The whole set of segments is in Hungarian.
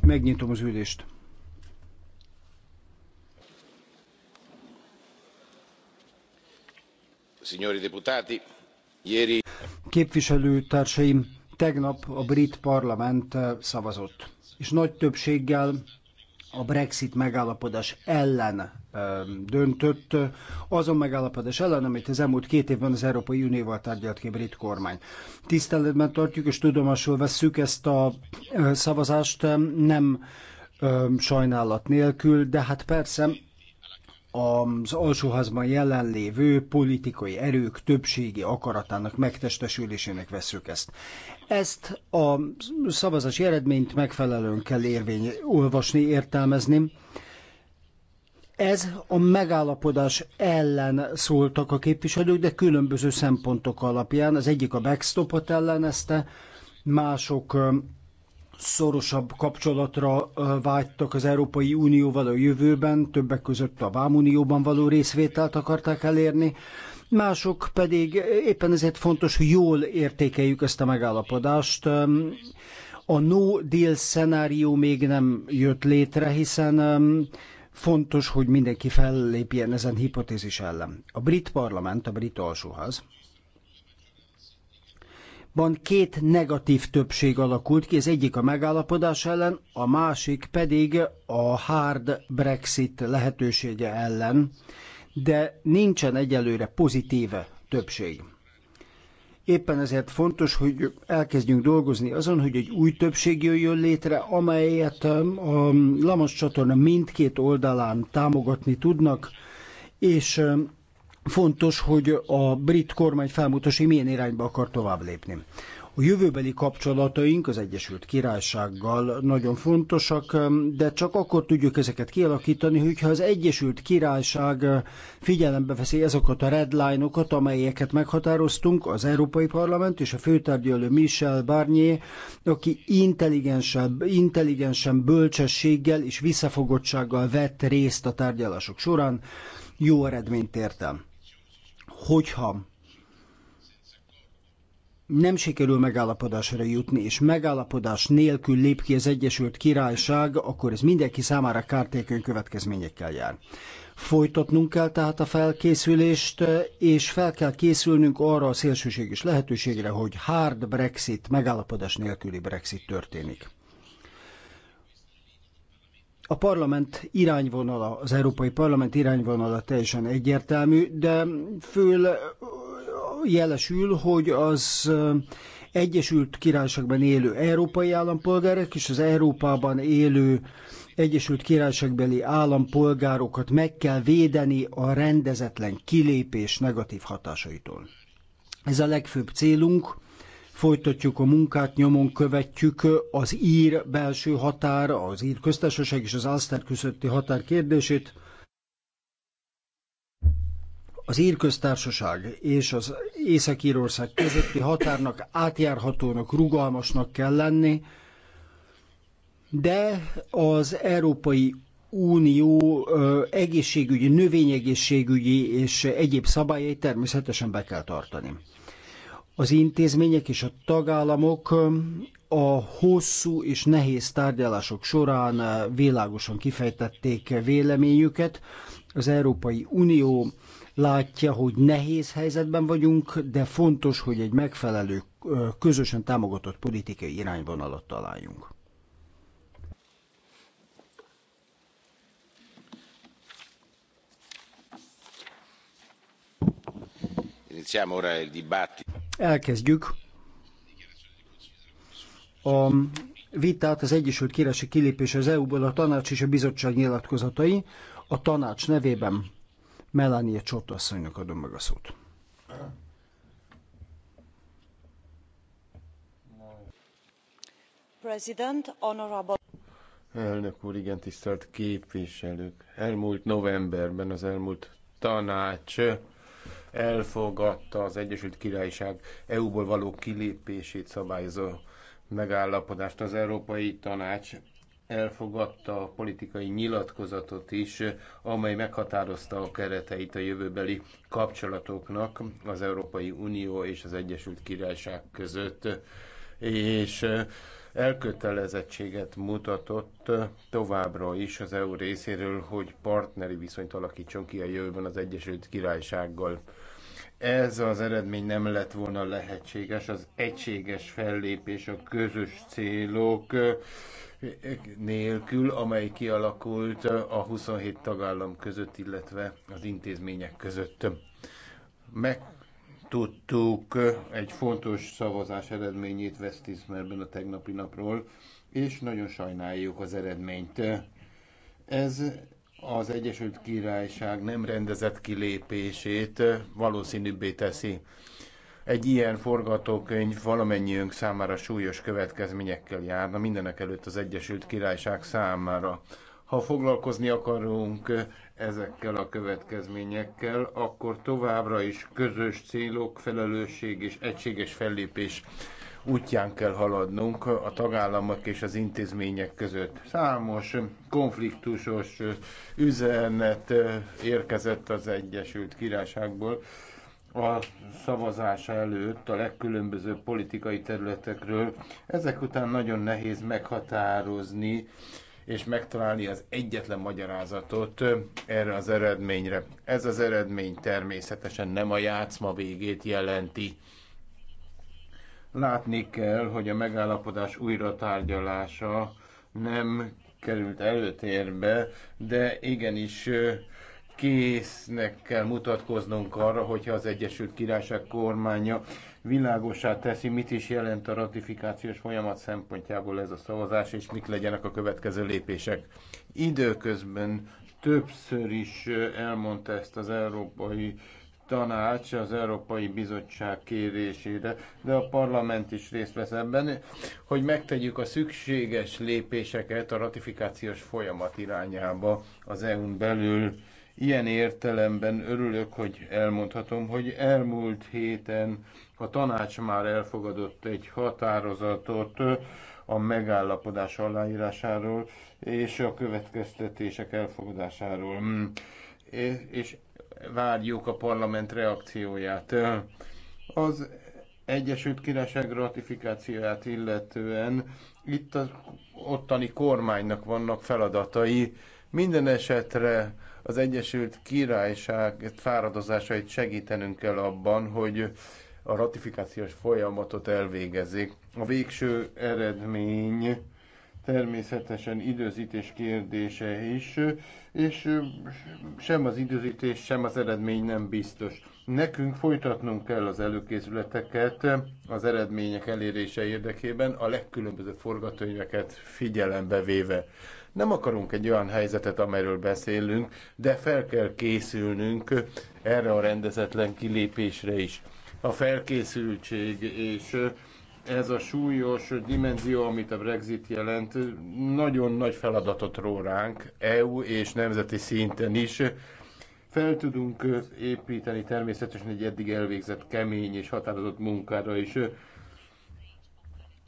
Megnyitom az ülést. Képviselőtársaim, tegnap a brit parlament eh, szavazott, és nagy többséggel a Brexit megállapodás ellen döntött, azon megállapodás ellen, amit az elmúlt két évben az Európai Unióval tárgyalt ki a brit kormány. Tiszteletben tartjuk és tudomásul vesszük ezt a szavazást, nem sajnálat nélkül, de hát persze az alsóházban jelenlévő politikai erők többségi akaratának megtestesülésének veszük ezt. Ezt a szavazási eredményt megfelelően kell érvény olvasni, értelmezni. Ez a megállapodás ellen szóltak a képviselők, de különböző szempontok alapján. Az egyik a backstopot ellenezte, mások szorosabb kapcsolatra vágytak az Európai Unióval a jövőben, többek között a Vámunióban való részvételt akarták elérni, mások pedig éppen ezért fontos, hogy jól értékeljük ezt a megállapodást. A no deal szenárió még nem jött létre, hiszen fontos, hogy mindenki fellépjen ezen hipotézis ellen. A brit parlament, a brit alsóház ban két negatív többség alakult ki, az egyik a megállapodás ellen, a másik pedig a hard Brexit lehetősége ellen, de nincsen egyelőre pozitív többség. Éppen ezért fontos, hogy elkezdjünk dolgozni azon, hogy egy új többség jöjjön létre, amelyet um, a Lamas csatorna mindkét oldalán támogatni tudnak, és um, fontos, hogy a brit kormány felmutassa, hogy milyen irányba akar tovább lépni. A jövőbeli kapcsolataink az Egyesült Királysággal nagyon fontosak, de csak akkor tudjuk ezeket kialakítani, hogyha az Egyesült Királyság figyelembe veszi azokat a redline-okat, amelyeket meghatároztunk, az Európai Parlament és a főtárgyalő Michel Barnier, aki intelligensebb, intelligensen bölcsességgel és visszafogottsággal vett részt a tárgyalások során, jó eredményt értem hogyha nem sikerül megállapodásra jutni, és megállapodás nélkül lép ki az Egyesült Királyság, akkor ez mindenki számára kártékony következményekkel jár. Folytatnunk kell tehát a felkészülést, és fel kell készülnünk arra a szélsőséges lehetőségre, hogy hard Brexit, megállapodás nélküli Brexit történik a parlament irányvonala, az Európai Parlament irányvonala teljesen egyértelmű, de föl jelesül, hogy az Egyesült Királyságban élő európai állampolgárok és az Európában élő Egyesült Királyságbeli állampolgárokat meg kell védeni a rendezetlen kilépés negatív hatásaitól. Ez a legfőbb célunk, folytatjuk a munkát, nyomon követjük az ír belső határ, az ír köztársaság és az Alster közötti határ kérdését. Az ír köztársaság és az Észak-Írország közötti határnak átjárhatónak, rugalmasnak kell lenni, de az Európai Unió egészségügyi, növényegészségügyi és egyéb szabályait természetesen be kell tartani az intézmények és a tagállamok a hosszú és nehéz tárgyalások során világosan kifejtették véleményüket. Az Európai Unió látja, hogy nehéz helyzetben vagyunk, de fontos, hogy egy megfelelő, közösen támogatott politikai irányvonalat találjunk. Elkezdjük a vitát az Egyesült Királyság kilépés az EU-ból a tanács és a bizottság nyilatkozatai. A tanács nevében Melania Csortasszonynak adom meg a szót. President, honorable... Elnök úr, igen, tisztelt képviselők! Elmúlt novemberben az elmúlt tanács elfogadta az Egyesült Királyság EU-ból való kilépését szabályozó megállapodást. Az Európai Tanács elfogadta a politikai nyilatkozatot is, amely meghatározta a kereteit a jövőbeli kapcsolatoknak az Európai Unió és az Egyesült Királyság között. És elkötelezettséget mutatott továbbra is az EU részéről, hogy partneri viszonyt alakítson ki a jövőben az Egyesült Királysággal. Ez az eredmény nem lett volna lehetséges, az egységes fellépés, a közös célok nélkül, amely kialakult a 27 tagállam között, illetve az intézmények között. Meg megtudtuk egy fontos szavazás eredményét Westminsterben a tegnapi napról, és nagyon sajnáljuk az eredményt. Ez az Egyesült Királyság nem rendezett kilépését valószínűbbé teszi. Egy ilyen forgatókönyv valamennyiünk számára súlyos következményekkel járna, mindenek előtt az Egyesült Királyság számára. Ha foglalkozni akarunk ezekkel a következményekkel, akkor továbbra is közös célok, felelősség és egységes fellépés útján kell haladnunk a tagállamok és az intézmények között. Számos konfliktusos üzenet érkezett az Egyesült Királyságból a szavazása előtt a legkülönbözőbb politikai területekről. Ezek után nagyon nehéz meghatározni, és megtalálni az egyetlen magyarázatot erre az eredményre. Ez az eredmény természetesen nem a játszma végét jelenti. Látni kell, hogy a megállapodás újra tárgyalása nem került előtérbe, de igenis késznek kell mutatkoznunk arra, hogyha az Egyesült Királyság kormánya világosá teszi, mit is jelent a ratifikációs folyamat szempontjából ez a szavazás, és mik legyenek a következő lépések. Időközben többször is elmondta ezt az Európai Tanács az Európai Bizottság kérésére, de a parlament is részt vesz ebben, hogy megtegyük a szükséges lépéseket a ratifikációs folyamat irányába az EU-n belül. Ilyen értelemben örülök, hogy elmondhatom, hogy elmúlt héten a tanács már elfogadott egy határozatot a megállapodás aláírásáról és a következtetések elfogadásáról. És várjuk a parlament reakcióját. Az Egyesült Királyság ratifikációját illetően itt az ottani kormánynak vannak feladatai. Minden esetre az Egyesült Királyság fáradozásait segítenünk kell abban, hogy a ratifikációs folyamatot elvégezik. A végső eredmény természetesen időzítés kérdése is, és sem az időzítés, sem az eredmény nem biztos. Nekünk folytatnunk kell az előkészületeket az eredmények elérése érdekében, a legkülönbözőbb forgatókönyveket figyelembe véve. Nem akarunk egy olyan helyzetet, amelyről beszélünk, de fel kell készülnünk erre a rendezetlen kilépésre is a felkészültség, és ez a súlyos dimenzió, amit a Brexit jelent, nagyon nagy feladatot ró ránk, EU és nemzeti szinten is. Fel tudunk építeni természetesen egy eddig elvégzett kemény és határozott munkára is.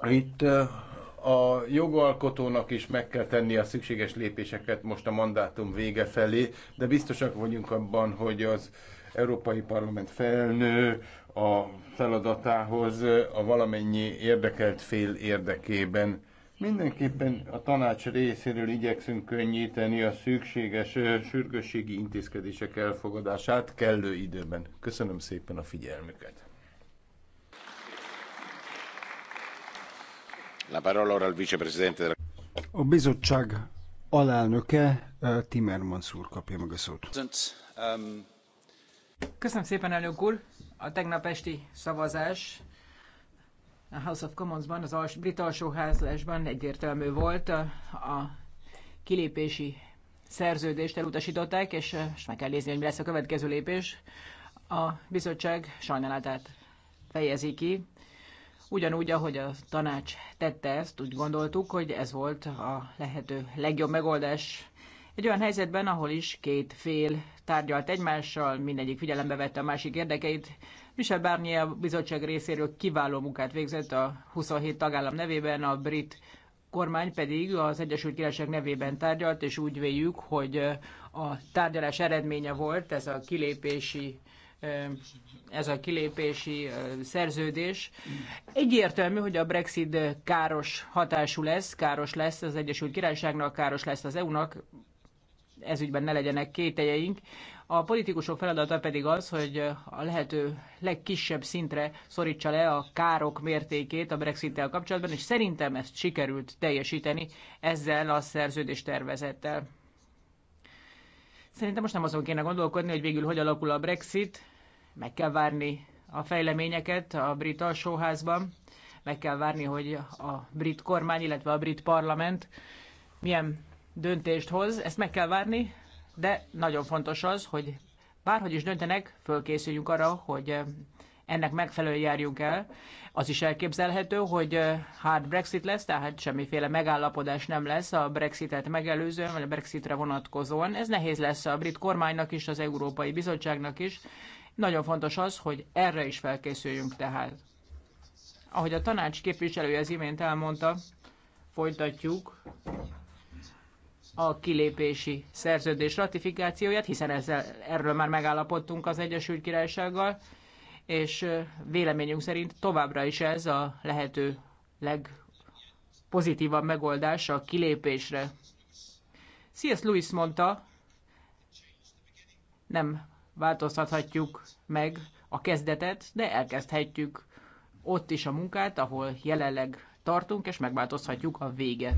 Itt a jogalkotónak is meg kell tenni a szükséges lépéseket most a mandátum vége felé, de biztosak vagyunk abban, hogy az Európai Parlament felnő a feladatához a valamennyi érdekelt fél érdekében. Mindenképpen a tanács részéről igyekszünk könnyíteni a szükséges sürgősségi intézkedések elfogadását kellő időben. Köszönöm szépen a figyelmüket. La parola ora al vicepresidente A bizottság alelnöke Timmermans úr kapja meg a szót. Köszönöm szépen, elnök úr! A tegnap esti szavazás a House of Commons-ban, az als, brit alsóházásban egyértelmű volt. A, a kilépési szerződést elutasították, és most meg kell nézni, hogy mi lesz a következő lépés. A bizottság sajnálatát fejezi ki. Ugyanúgy, ahogy a tanács tette ezt, úgy gondoltuk, hogy ez volt a lehető legjobb megoldás egy olyan helyzetben, ahol is két fél tárgyalt egymással, mindegyik figyelembe vette a másik érdekeit. Michel Barnier a bizottság részéről kiváló munkát végzett a 27 tagállam nevében, a brit kormány pedig az Egyesült Királyság nevében tárgyalt, és úgy véljük, hogy a tárgyalás eredménye volt ez a kilépési ez a kilépési szerződés. Egyértelmű, hogy a Brexit káros hatású lesz, káros lesz az Egyesült Királyságnak, káros lesz az EU-nak, ez ne legyenek kételjeink. A politikusok feladata pedig az, hogy a lehető legkisebb szintre szorítsa le a károk mértékét a Brexit-tel kapcsolatban, és szerintem ezt sikerült teljesíteni ezzel a szerződés tervezettel. Szerintem most nem azon kéne gondolkodni, hogy végül hogy alakul a Brexit, meg kell várni a fejleményeket a brit alsóházban, meg kell várni, hogy a brit kormány, illetve a brit parlament milyen döntést hoz, ezt meg kell várni, de nagyon fontos az, hogy bárhogy is döntenek, fölkészüljünk arra, hogy eh, ennek megfelelően járjunk el. Az is elképzelhető, hogy eh, hard Brexit lesz, tehát semmiféle megállapodás nem lesz a Brexitet megelőzően, vagy a Brexitre vonatkozóan. Ez nehéz lesz a brit kormánynak is, az Európai Bizottságnak is. Nagyon fontos az, hogy erre is felkészüljünk tehát. Ahogy a tanács képviselője az imént elmondta, folytatjuk a kilépési szerződés ratifikációját, hiszen ezzel, erről már megállapodtunk az Egyesült Királysággal, és véleményünk szerint továbbra is ez a lehető legpozitívabb megoldás a kilépésre. C.S. Lewis mondta, nem változtathatjuk meg a kezdetet, de elkezdhetjük ott is a munkát, ahol jelenleg tartunk, és megváltozhatjuk a véget.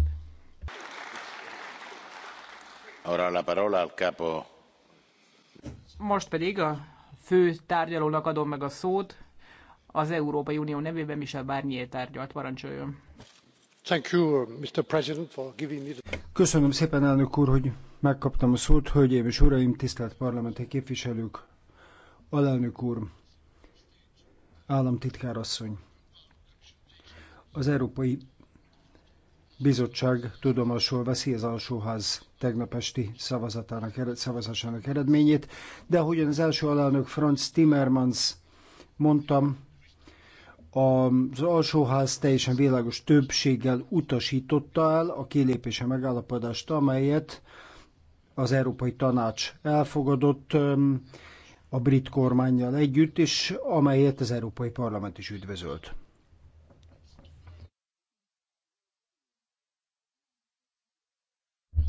Most pedig a fő tárgyalónak adom meg a szót, az Európai Unió nevében Michel Barnier tárgyalt, parancsoljon. Köszönöm szépen, elnök úr, hogy megkaptam a szót. Hölgyeim és uraim, tisztelt parlamenti képviselők, alelnök úr, államtitkár asszony. Az Európai bizottság tudomásul veszi az alsóház tegnap esti szavazatának, szavazásának eredményét, de ahogyan az első alelnök Franz Timmermans mondtam, az alsóház teljesen világos többséggel utasította el a kilépése megállapodást, amelyet az Európai Tanács elfogadott a brit kormányjal együtt, és amelyet az Európai Parlament is üdvözölt.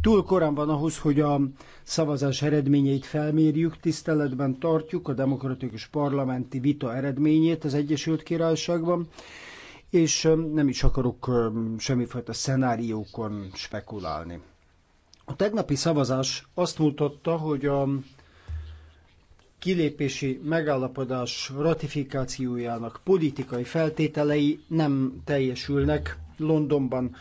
Túl korán van ahhoz, hogy a szavazás eredményeit felmérjük, tiszteletben tartjuk a demokratikus parlamenti vita eredményét az Egyesült Királyságban, és nem is akarok semmifajta szenáriókon spekulálni. A tegnapi szavazás azt mutatta, hogy a kilépési megállapodás ratifikációjának politikai feltételei nem teljesülnek Londonban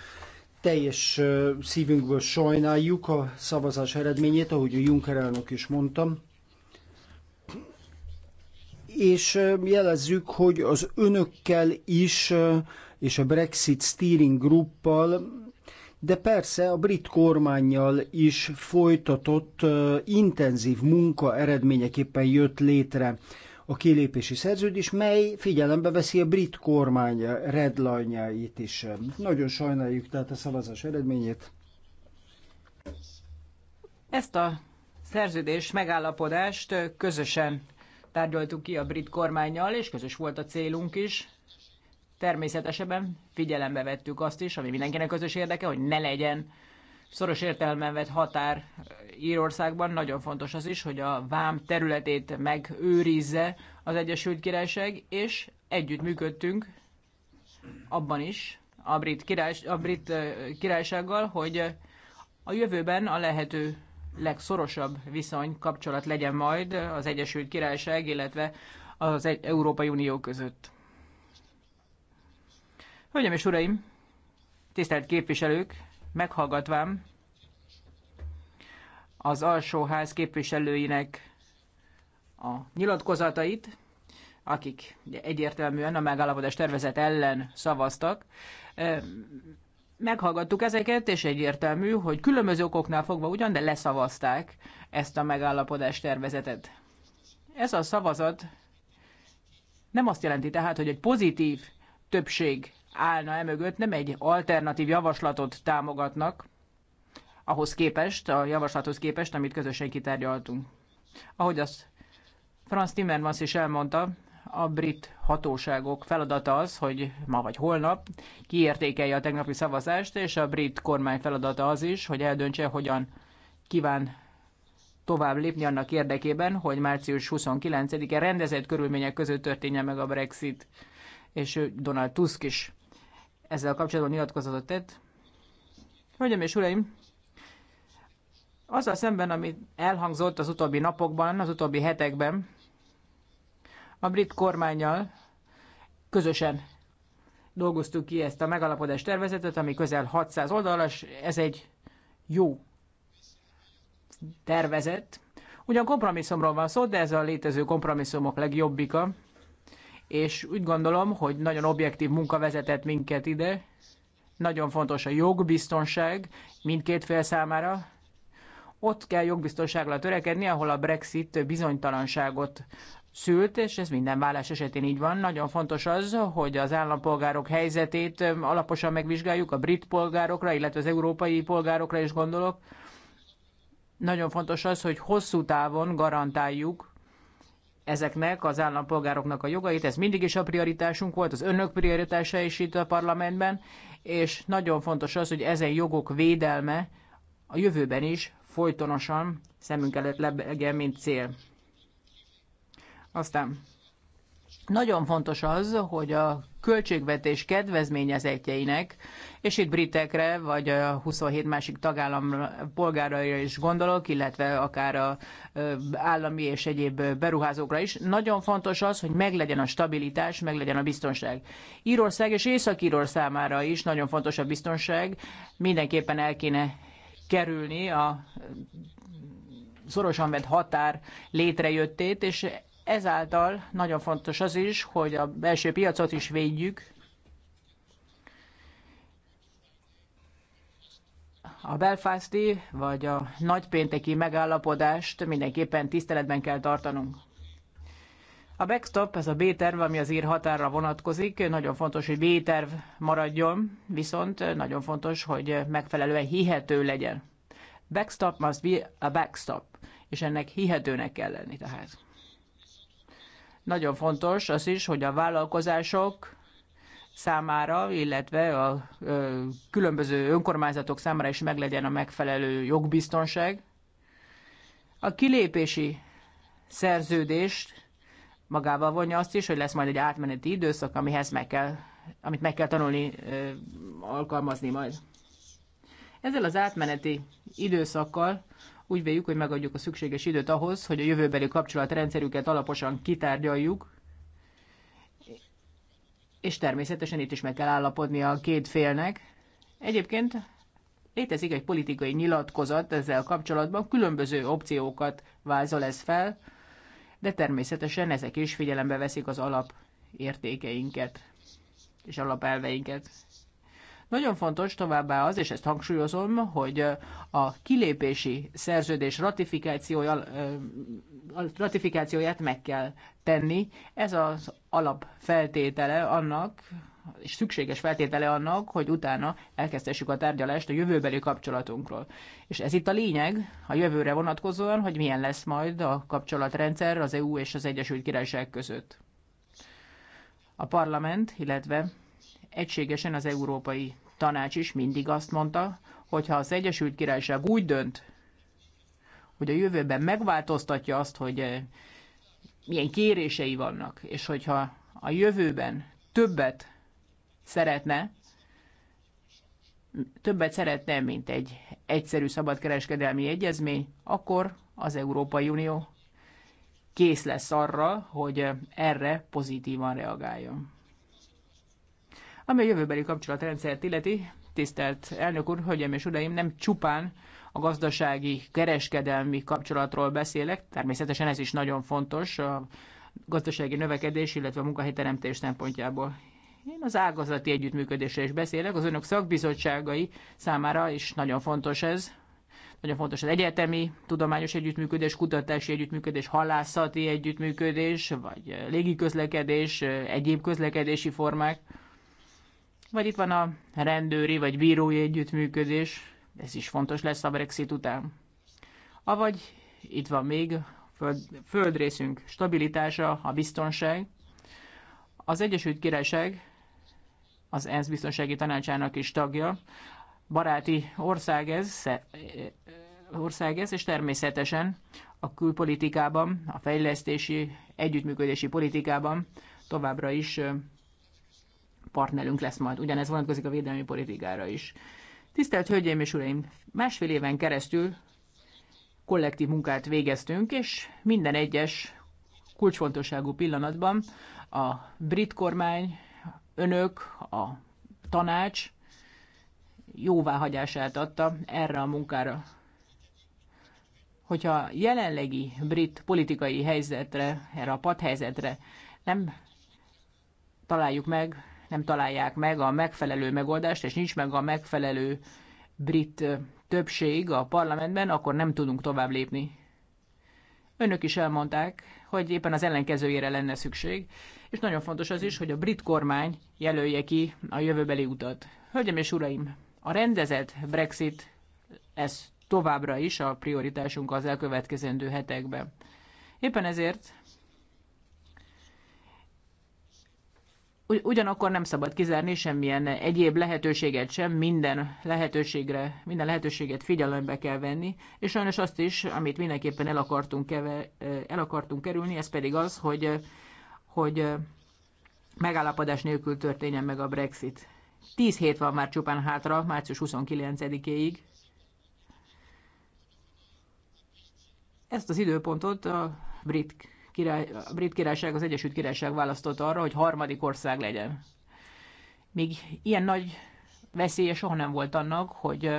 teljes szívünkből sajnáljuk a szavazás eredményét, ahogy a Juncker elnök is mondtam, és jelezzük, hogy az önökkel is, és a Brexit Steering Gruppal, de persze a brit kormányjal is folytatott intenzív munka eredményeképpen jött létre a kilépési szerződés, mely figyelembe veszi a brit kormány redlanyáit is. Nagyon sajnáljuk tehát a szavazás eredményét. Ezt a szerződés megállapodást közösen tárgyaltuk ki a brit kormányjal, és közös volt a célunk is. Természetesen figyelembe vettük azt is, ami mindenkinek közös érdeke, hogy ne legyen szoros értelemben vett határ Írországban. Nagyon fontos az is, hogy a vám területét megőrizze az Egyesült Királyság, és együtt működtünk abban is, a brit, király, a brit királysággal, hogy a jövőben a lehető legszorosabb viszony, kapcsolat legyen majd az Egyesült Királyság, illetve az Európai Unió között. Hölgyeim és Uraim, tisztelt képviselők, meghallgatvám az alsóház képviselőinek a nyilatkozatait, akik ugye egyértelműen a megállapodás tervezet ellen szavaztak. Meghallgattuk ezeket, és egyértelmű, hogy különböző okoknál fogva ugyan, de leszavazták ezt a megállapodás tervezetet. Ez a szavazat nem azt jelenti tehát, hogy egy pozitív többség állna e mögött, nem egy alternatív javaslatot támogatnak, ahhoz képest, a javaslathoz képest, amit közösen kitárgyaltunk. Ahogy azt Franz Timmermans is elmondta, a brit hatóságok feladata az, hogy ma vagy holnap kiértékelje a tegnapi szavazást, és a brit kormány feladata az is, hogy eldöntse, hogyan kíván tovább lépni annak érdekében, hogy március 29-e rendezett körülmények között történjen meg a Brexit, és Donald Tusk is ezzel kapcsolatban nyilatkozatot tett. Hölgyeim és uraim, azzal szemben, amit elhangzott az utóbbi napokban, az utóbbi hetekben, a brit kormányjal közösen dolgoztuk ki ezt a megalapodás tervezetet, ami közel 600 oldalas, ez egy jó tervezet. Ugyan kompromisszumról van szó, de ez a létező kompromisszumok legjobbika és úgy gondolom, hogy nagyon objektív munka vezetett minket ide. Nagyon fontos a jogbiztonság mindkét fél számára. Ott kell jogbiztonságra törekedni, ahol a Brexit bizonytalanságot szült, és ez minden vállás esetén így van. Nagyon fontos az, hogy az állampolgárok helyzetét alaposan megvizsgáljuk, a brit polgárokra, illetve az európai polgárokra is gondolok. Nagyon fontos az, hogy hosszú távon garantáljuk ezeknek az állampolgároknak a jogait. Ez mindig is a prioritásunk volt, az önök prioritása is itt a parlamentben, és nagyon fontos az, hogy ezen jogok védelme a jövőben is folytonosan szemünk előtt lebegjen, mint cél. Aztán nagyon fontos az, hogy a költségvetés kedvezményezetjeinek, és itt britekre, vagy a 27 másik tagállam polgárai is gondolok, illetve akár a állami és egyéb beruházókra is, nagyon fontos az, hogy meglegyen a stabilitás, meglegyen a biztonság. Írország és Észak-Írország számára is nagyon fontos a biztonság, mindenképpen el kéne kerülni a szorosan vett határ létrejöttét, és Ezáltal nagyon fontos az is, hogy a belső piacot is védjük. A belfászti vagy a nagypénteki megállapodást mindenképpen tiszteletben kell tartanunk. A backstop, ez a B-terv, ami az ír határra vonatkozik, nagyon fontos, hogy B-terv maradjon, viszont nagyon fontos, hogy megfelelően hihető legyen. Backstop must be a backstop, és ennek hihetőnek kell lenni tehát. Nagyon fontos az is, hogy a vállalkozások számára, illetve a ö, különböző önkormányzatok számára is meglegyen a megfelelő jogbiztonság. A kilépési szerződést magával vonja azt is, hogy lesz majd egy átmeneti időszak, amihez meg kell, amit meg kell tanulni ö, alkalmazni majd. Ezzel az átmeneti időszakkal úgy véljük, hogy megadjuk a szükséges időt ahhoz, hogy a jövőbeli kapcsolatrendszerüket alaposan kitárgyaljuk, és természetesen itt is meg kell állapodni a két félnek. Egyébként létezik egy politikai nyilatkozat ezzel kapcsolatban, különböző opciókat vázol ez fel, de természetesen ezek is figyelembe veszik az alapértékeinket és alapelveinket. Nagyon fontos továbbá az, és ezt hangsúlyozom, hogy a kilépési szerződés ratifikációja, ratifikációját meg kell tenni. Ez az alapfeltétele annak, és szükséges feltétele annak, hogy utána elkezdhessük a tárgyalást a jövőbeli kapcsolatunkról. És ez itt a lényeg a jövőre vonatkozóan, hogy milyen lesz majd a kapcsolatrendszer az EU és az Egyesült Királyság között. A parlament, illetve egységesen az Európai Tanács is mindig azt mondta, hogy ha az Egyesült Királyság úgy dönt, hogy a jövőben megváltoztatja azt, hogy eh, milyen kérései vannak, és hogyha a jövőben többet szeretne, többet szeretne, mint egy egyszerű szabadkereskedelmi egyezmény, akkor az Európai Unió kész lesz arra, hogy erre pozitívan reagáljon. Ami a jövőbeli kapcsolatrendszert illeti, tisztelt elnök úr, hölgyeim és uraim, nem csupán a gazdasági, kereskedelmi kapcsolatról beszélek, természetesen ez is nagyon fontos a gazdasági növekedés, illetve a munkahelyteremtés szempontjából. Én az ágazati együttműködésre is beszélek, az önök szakbizottságai számára is nagyon fontos ez. Nagyon fontos az egyetemi, tudományos együttműködés, kutatási együttműködés, halászati együttműködés, vagy légiközlekedés, egyéb közlekedési formák. Vagy itt van a rendőri vagy bírói együttműködés, ez is fontos lesz a Brexit után. Avagy itt van még föld, földrészünk stabilitása, a biztonság. Az Egyesült Királyság az ENSZ biztonsági tanácsának is tagja. Baráti ország ez, ország ez, és természetesen a külpolitikában, a fejlesztési, együttműködési politikában továbbra is partnerünk lesz majd. Ugyanez vonatkozik a védelmi politikára is. Tisztelt Hölgyeim és Uraim, másfél éven keresztül kollektív munkát végeztünk, és minden egyes kulcsfontosságú pillanatban a brit kormány, önök, a tanács jóváhagyását adta erre a munkára. Hogyha a jelenlegi brit politikai helyzetre, erre a padhelyzetre nem találjuk meg nem találják meg a megfelelő megoldást, és nincs meg a megfelelő brit többség a parlamentben, akkor nem tudunk tovább lépni. Önök is elmondták, hogy éppen az ellenkezőjére lenne szükség, és nagyon fontos az is, hogy a brit kormány jelölje ki a jövőbeli utat. Hölgyem és uraim, a rendezett Brexit lesz továbbra is a prioritásunk az elkövetkezendő hetekben. Éppen ezért ugyanakkor nem szabad kizárni semmilyen egyéb lehetőséget sem, minden lehetőségre, minden lehetőséget figyelembe kell venni, és sajnos azt is, amit mindenképpen el akartunk, keve, el akartunk kerülni, ez pedig az, hogy, hogy megállapodás nélkül történjen meg a Brexit. Tíz hét van már csupán hátra, március 29-éig. Ezt az időpontot a brit király, a brit királyság, az Egyesült Királyság választotta arra, hogy harmadik ország legyen. Még ilyen nagy veszélye soha nem volt annak, hogy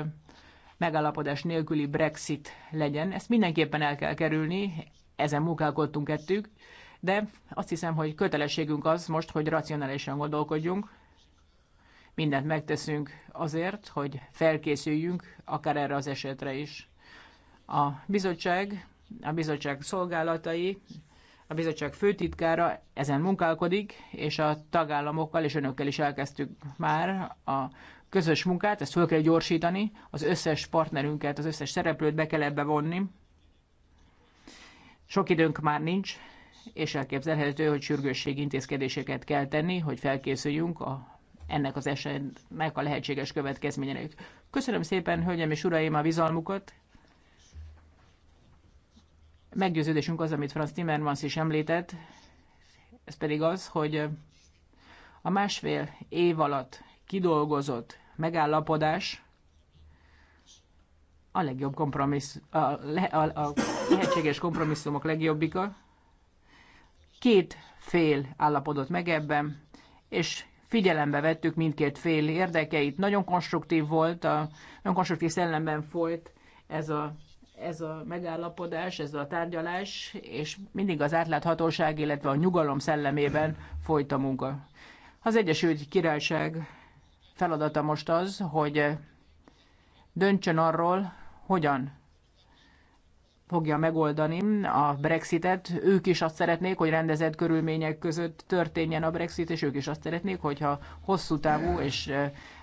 megállapodás nélküli Brexit legyen. Ezt mindenképpen el kell kerülni, ezen munkálkodtunk ettük, de azt hiszem, hogy kötelességünk az most, hogy racionálisan gondolkodjunk, mindent megteszünk azért, hogy felkészüljünk akár erre az esetre is. A bizottság, a bizottság szolgálatai a bizottság főtitkára ezen munkálkodik, és a tagállamokkal és önökkel is elkezdtük már a közös munkát, ezt föl kell gyorsítani, az összes partnerünket, az összes szereplőt be kell ebbe vonni. Sok időnk már nincs, és elképzelhető, hogy sürgősség intézkedéseket kell tenni, hogy felkészüljünk a, ennek az esetnek a lehetséges következményeinek. Köszönöm szépen, hölgyem és uraim, a bizalmukat, Meggyőződésünk az, amit Franz Timmermans is említett, ez pedig az, hogy a másfél év alatt kidolgozott megállapodás a legjobb kompromissz, a, a, a lehetséges kompromisszumok legjobbika. Két fél állapodott meg ebben, és figyelembe vettük mindkét fél érdekeit. Nagyon konstruktív volt, a, nagyon konstruktív szellemben folyt ez a ez a megállapodás, ez a tárgyalás, és mindig az átláthatóság, illetve a nyugalom szellemében folyt a munka. Az Egyesült Királyság feladata most az, hogy döntsön arról, hogyan fogja megoldani a Brexitet. Ők is azt szeretnék, hogy rendezett körülmények között történjen a Brexit, és ők is azt szeretnék, hogyha hosszú távú és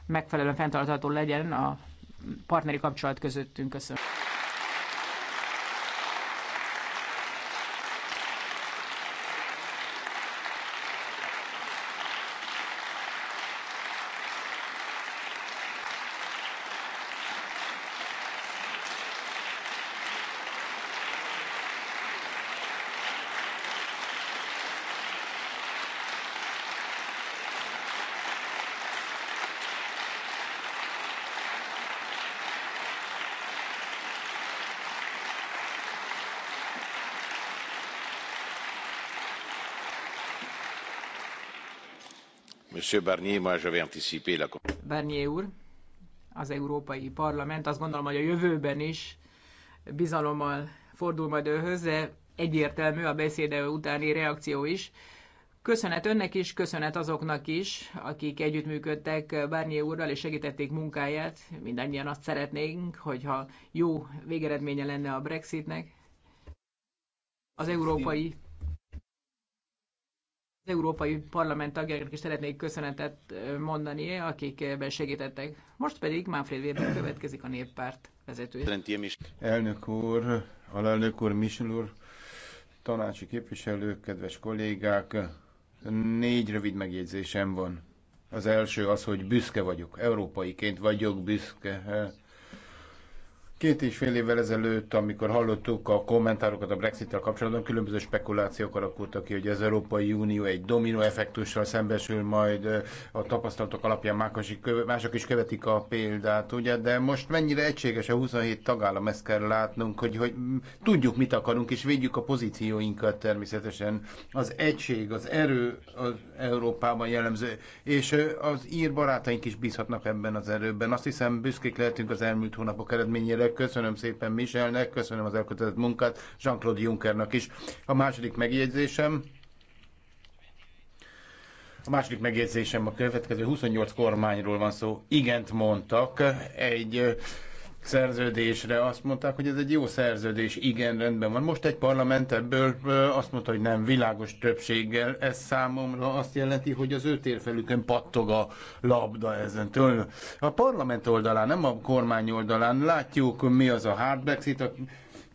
megfelelően fenntartható legyen a partneri kapcsolat közöttünk. Köszönöm. Monsieur Barnier, úr, az Európai Parlament azt gondolom, hogy a jövőben is bizalommal fordul majd önhöz de egyértelmű a beszéde utáni reakció is. Köszönet önnek is, köszönet azoknak is, akik együttműködtek Barnier úrral és segítették munkáját. Mindannyian azt szeretnénk, hogyha jó végeredménye lenne a Brexitnek. Az európai az Európai Parlament tagjának is szeretnék köszönetet mondani, akikben segítettek. Most pedig Manfred Weber következik a néppárt vezetője. Elnök úr, alelnök úr, Michel úr, tanácsi képviselők, kedves kollégák, négy rövid megjegyzésem van. Az első az, hogy büszke vagyok, európaiként vagyok büszke Két és fél évvel ezelőtt, amikor hallottuk a kommentárokat a Brexit-tel kapcsolatban, különböző spekulációk alakultak ki, hogy az Európai Unió egy domino effektussal szembesül, majd a tapasztalatok alapján mások is követik a példát, ugye? De most mennyire egységes a 27 tagállam, ezt kell látnunk, hogy, hogy tudjuk, mit akarunk, és védjük a pozícióinkat természetesen. Az egység, az erő az Európában jellemző, és az ír barátaink is bízhatnak ebben az erőben. Azt hiszem, büszkék lehetünk az elmúlt hónapok eredményére, schmidt köszönöm szépen Michelnek, köszönöm az elkötelezett munkát Jean-Claude Junckernak is. A második megjegyzésem, a második megjegyzésem a következő 28 kormányról van szó. Igent mondtak egy szerződésre. Azt mondták, hogy ez egy jó szerződés, igen, rendben van. Most egy parlament ebből azt mondta, hogy nem, világos többséggel. Ez számomra azt jelenti, hogy az ő térfelükön pattog a labda ezentől. A parlament oldalán, nem a kormány oldalán látjuk, mi az a hard Brexit, a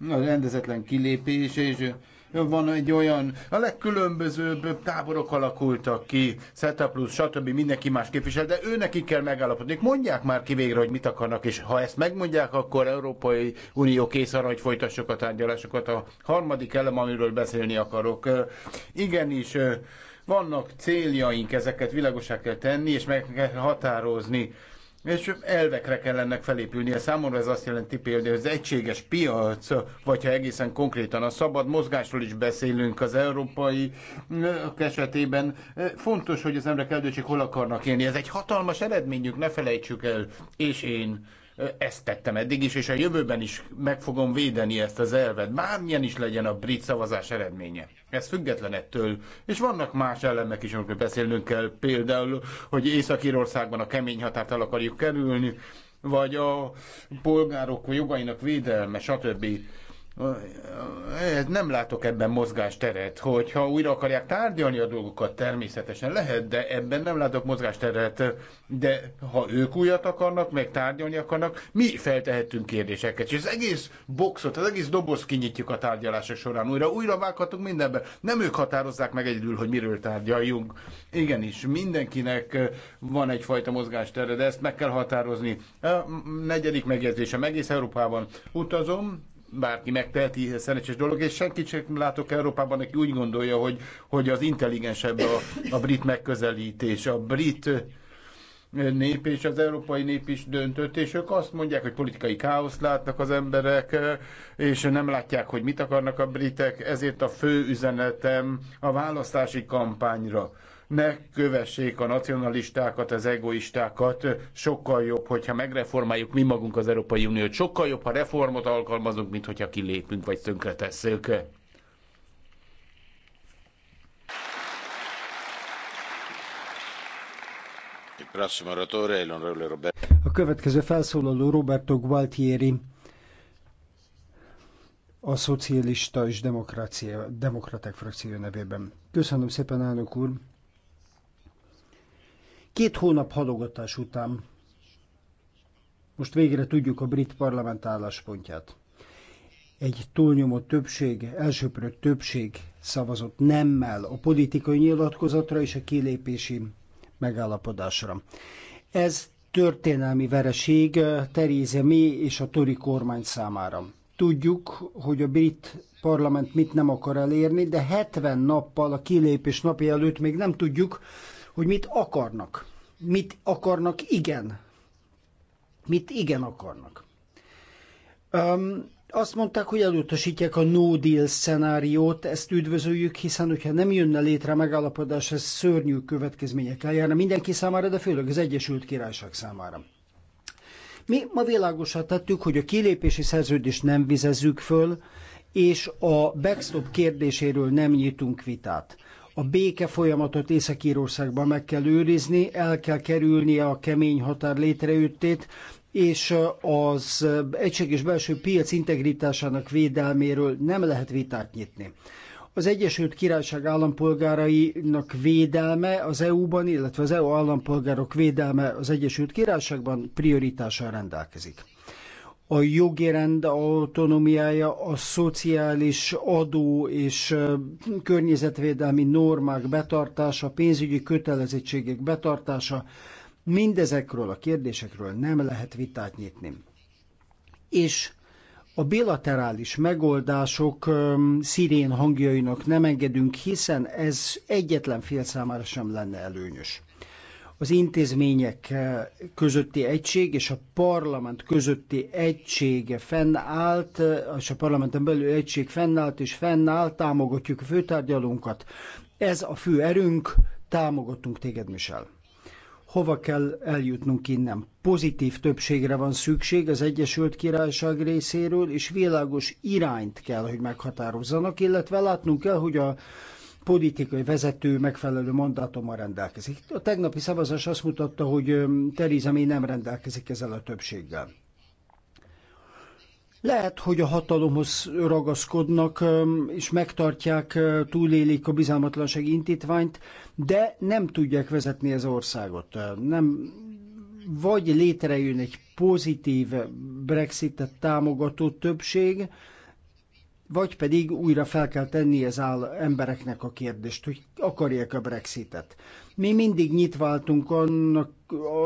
rendezetlen kilépés, és van egy olyan, a legkülönbözőbb táborok alakultak ki, Szeta plusz, stb. mindenki más képvisel, de őnekik kell megállapodni. Mondják már ki végre, hogy mit akarnak, és ha ezt megmondják, akkor Európai Unió kész arra, hogy folytassuk a tárgyalásokat. A harmadik elem, amiről beszélni akarok. Igenis, vannak céljaink, ezeket világosá kell tenni, és meg kell határozni és elvekre kell ennek felépülnie. Számomra ez azt jelenti például az egységes piac, vagy ha egészen konkrétan a szabad mozgásról is beszélünk az európai esetében. Fontos, hogy az emberek eldöntsék, hol akarnak élni. Ez egy hatalmas eredményük, ne felejtsük el. És én ezt tettem eddig is, és a jövőben is meg fogom védeni ezt az elvet, bármilyen is legyen a brit szavazás eredménye. Ez független ettől. És vannak más elemek is, amikor beszélnünk kell, például, hogy Észak-Írországban a kemény határt el akarjuk kerülni, vagy a polgárok jogainak védelme, stb nem látok ebben mozgásteret, hogyha újra akarják tárgyalni a dolgokat, természetesen lehet, de ebben nem látok mozgásteret. De ha ők újat akarnak, meg tárgyalni akarnak, mi feltehetünk kérdéseket. És az egész boxot, az egész dobozt kinyitjuk a tárgyalások során újra. Újra vághatunk mindenbe, Nem ők határozzák meg egyedül, hogy miről tárgyaljunk. Igenis, mindenkinek van egyfajta mozgástere, de ezt meg kell határozni. A negyedik megjegyzésem, egész Európában utazom, bárki megteheti, ez szerencsés dolog, és senki sem látok Európában, aki úgy gondolja, hogy, hogy az intelligensebb a, a brit megközelítés, a brit nép és az európai nép is döntött, és ők azt mondják, hogy politikai káoszt látnak az emberek, és nem látják, hogy mit akarnak a britek, ezért a fő üzenetem a választási kampányra ne kövessék a nacionalistákat, az egoistákat, sokkal jobb, hogyha megreformáljuk mi magunk az Európai Uniót, sokkal jobb, ha reformot alkalmazunk, mint hogyha kilépünk vagy tönkretesszük. A következő felszólaló Roberto Gualtieri, a Szocialista és Demokrácia, Demokraták frakció nevében. Köszönöm szépen, elnök úr! Két hónap halogatás után most végre tudjuk a brit parlament álláspontját. Egy túlnyomó többség, elsőprő többség szavazott nemmel a politikai nyilatkozatra és a kilépési megállapodásra. Ez történelmi vereség teréze mi és a tori kormány számára. Tudjuk, hogy a brit parlament mit nem akar elérni, de 70 nappal a kilépés napja előtt még nem tudjuk, hogy mit akarnak. Mit akarnak igen. Mit igen akarnak. Um, azt mondták, hogy elutasítják a no deal szenáriót, ezt üdvözöljük, hiszen hogyha nem jönne létre megállapodás, ez szörnyű következményekkel járna mindenki számára, de főleg az Egyesült Királyság számára. Mi ma világosá tettük, hogy a kilépési szerződést nem vizezzük föl, és a backstop kérdéséről nem nyitunk vitát. A béke folyamatot Észak-Írországban meg kell őrizni, el kell kerülnie a kemény határ létrejöttét, és az és belső piac integritásának védelméről nem lehet vitát nyitni. Az Egyesült Királyság állampolgárainak védelme az EU-ban, illetve az EU állampolgárok védelme az Egyesült Királyságban prioritással rendelkezik a jogi rend autonómiája, a szociális adó és környezetvédelmi normák betartása, pénzügyi kötelezettségek betartása, mindezekről a kérdésekről nem lehet vitát nyitni. És a bilaterális megoldások szirén hangjainak nem engedünk, hiszen ez egyetlen fél számára sem lenne előnyös az intézmények eh, közötti egység és a parlament közötti egysége fennállt, eh, és a parlamenten belül egység fennállt és fennállt, támogatjuk a főtárgyalónkat. Ez a fő erőnk, támogatunk téged, Michel. Hova kell eljutnunk innen? Pozitív többségre van szükség az Egyesült Királyság részéről, és világos irányt kell, hogy meghatározzanak, illetve látnunk kell, hogy a politikai vezető megfelelő mandátummal rendelkezik. A tegnapi szavazás azt mutatta, hogy Theresa May nem rendelkezik ezzel a többséggel. Lehet, hogy a hatalomhoz ragaszkodnak, és megtartják, túlélik a bizalmatlanság intitványt, de nem tudják vezetni az országot. Nem, vagy létrejön egy pozitív Brexitet támogató többség, vagy pedig újra fel kell tenni az áll embereknek a kérdést, hogy akarják a Brexitet. Mi mindig nyitváltunk annak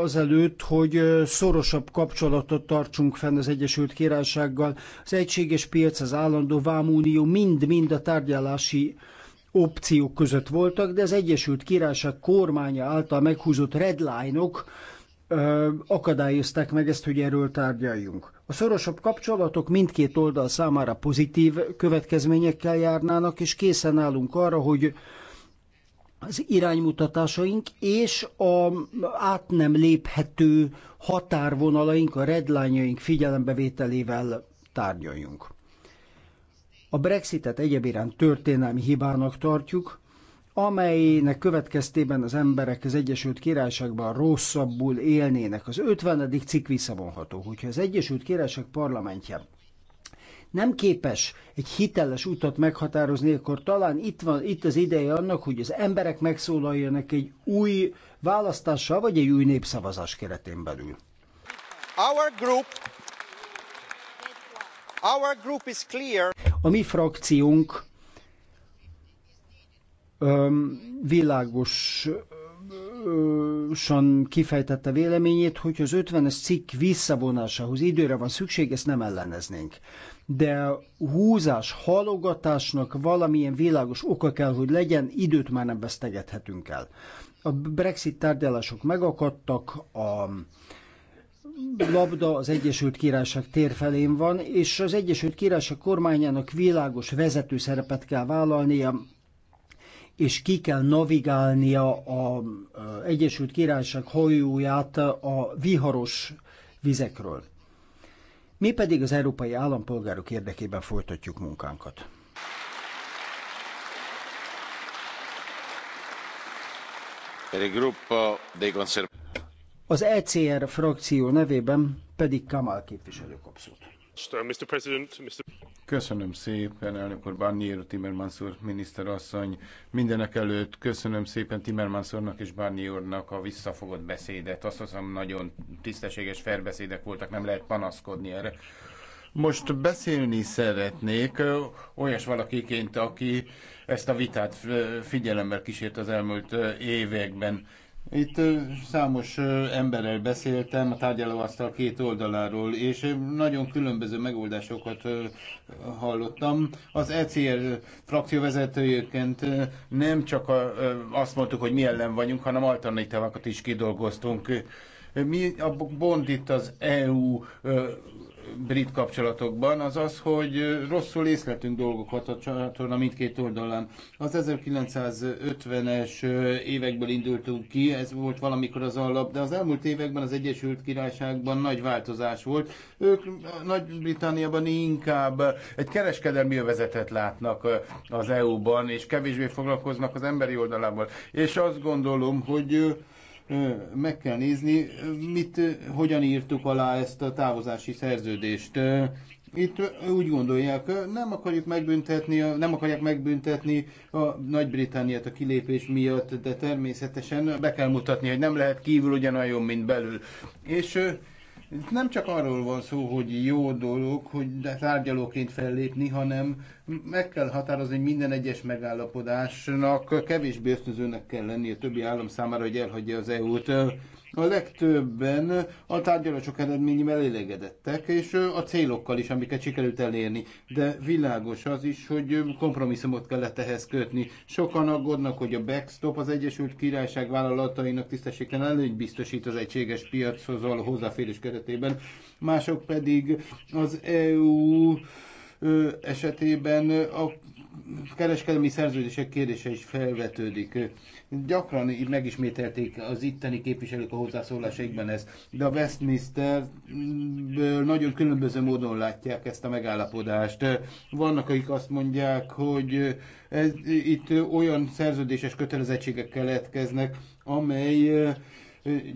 azelőtt, hogy szorosabb kapcsolatot tartsunk fenn az Egyesült Királysággal. Az egységes piac, az állandó vámunió mind-mind a tárgyalási opciók között voltak, de az Egyesült Királyság kormánya által meghúzott redline-ok -ok akadályozták meg ezt, hogy erről tárgyaljunk. A szorosabb kapcsolatok mindkét oldal számára pozitív következményekkel járnának, és készen állunk arra, hogy az iránymutatásaink és a át nem léphető határvonalaink, a redlányaink figyelembevételével tárgyaljunk. A Brexitet egyébirán történelmi hibának tartjuk, amelynek következtében az emberek az Egyesült Királyságban rosszabbul élnének. Az 50. cikk visszavonható, hogyha az Egyesült Királyság parlamentje nem képes egy hiteles utat meghatározni, akkor talán itt, van, itt az ideje annak, hogy az emberek megszólaljanak egy új választással, vagy egy új népszavazás keretén belül. Our group, our group is clear. A mi frakciónk világos világosan kifejtette véleményét, hogy az 50-es cikk visszavonásához időre van szükség, ezt nem elleneznénk. De húzás, halogatásnak valamilyen világos oka kell, hogy legyen, időt már nem vesztegethetünk el. A Brexit tárgyalások megakadtak, a labda az Egyesült Királyság tér felén van, és az Egyesült Királyság kormányának világos vezető szerepet kell vállalnia, és ki kell navigálnia az Egyesült Királyság hajóját a viharos vizekről. Mi pedig az európai állampolgárok érdekében folytatjuk munkánkat. Az ECR frakció nevében pedig Kamal képviselő kap Köszönöm szépen, elnök úr, Barnier Timmermans úr, miniszter asszony. Mindenek előtt köszönöm szépen Timmermans úrnak és Barnier úrnak a visszafogott beszédet. Azt hiszem, nagyon tisztességes felbeszédek voltak, nem lehet panaszkodni erre. Most beszélni szeretnék olyas valakiként, aki ezt a vitát figyelemmel kísért az elmúlt években itt számos emberrel beszéltem a tárgyalóasztal két oldaláról, és nagyon különböző megoldásokat hallottam. Az ECR frakció vezetőjéként nem csak azt mondtuk, hogy mi ellen vagyunk, hanem alternatívákat is kidolgoztunk. Mi a bond itt az EU brit kapcsolatokban, az az, hogy rosszul észletünk dolgokat a csatorna mindkét oldalán. Az 1950-es évekből indultunk ki, ez volt valamikor az alap, de az elmúlt években az Egyesült Királyságban nagy változás volt. Ők Nagy-Britanniában inkább egy kereskedelmi övezetet látnak az EU-ban, és kevésbé foglalkoznak az emberi oldalával. És azt gondolom, hogy meg kell nézni, mit, hogyan írtuk alá ezt a távozási szerződést. Itt úgy gondolják, nem akarjuk megbüntetni, nem akarják megbüntetni a Nagy-Britanniát a kilépés miatt, de természetesen be kell mutatni, hogy nem lehet kívül ugyanolyan, mint belül. És itt nem csak arról van szó, hogy jó dolog, hogy tárgyalóként fellépni, hanem meg kell határozni, hogy minden egyes megállapodásnak kevésbé ösztözőnek kell lenni a többi állam számára, hogy elhagyja az EU-t. A legtöbben a tárgyalások eredményével elégedettek, és a célokkal is, amiket sikerült elérni. De világos az is, hogy kompromisszumot kellett ehhez kötni. Sokan aggódnak, hogy a backstop az Egyesült Királyság vállalatainak tisztességen előny biztosít az egységes piachoz való hozzáférés keretében. Mások pedig az EU esetében a kereskedelmi szerződések kérdése is felvetődik. Gyakran megismételték az itteni képviselők a hozzászólásaikban ezt, de a Westminster nagyon különböző módon látják ezt a megállapodást. Vannak, akik azt mondják, hogy ez, itt olyan szerződéses kötelezettségek keletkeznek, amely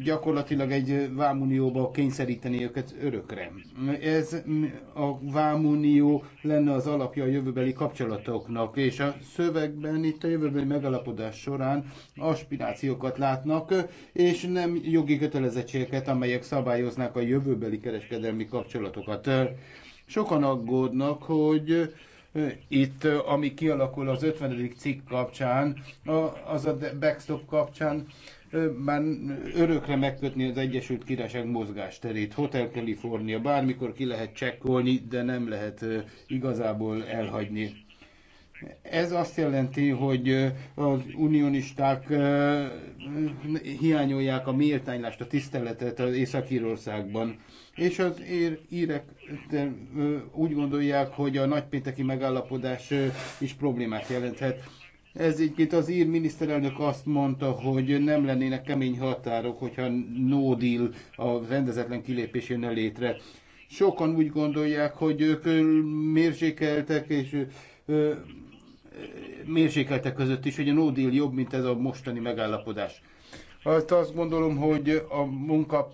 gyakorlatilag egy vámunióba kényszeríteni őket örökre. Ez a vámunió lenne az alapja a jövőbeli kapcsolatoknak, és a szövegben itt a jövőbeli megalapodás során aspirációkat látnak, és nem jogi kötelezettségeket, amelyek szabályoznák a jövőbeli kereskedelmi kapcsolatokat. Sokan aggódnak, hogy itt, ami kialakul az 50. cikk kapcsán, az a backstop kapcsán, már örökre megkötni az Egyesült Királyság mozgásterét. Hotel California, bármikor ki lehet csekkolni, de nem lehet igazából elhagyni. Ez azt jelenti, hogy az unionisták hiányolják a méltánylást, a tiszteletet az Észak-Írországban. És az írek úgy gondolják, hogy a nagypénteki megállapodás is problémát jelenthet. Ez egyébként az ír miniszterelnök azt mondta, hogy nem lennének kemény határok, hogyha no deal a rendezetlen kilépés jönne létre. Sokan úgy gondolják, hogy ők mérsékeltek, és ö, mérsékeltek között is, hogy a no deal jobb, mint ez a mostani megállapodás. Azt hát azt gondolom, hogy a munka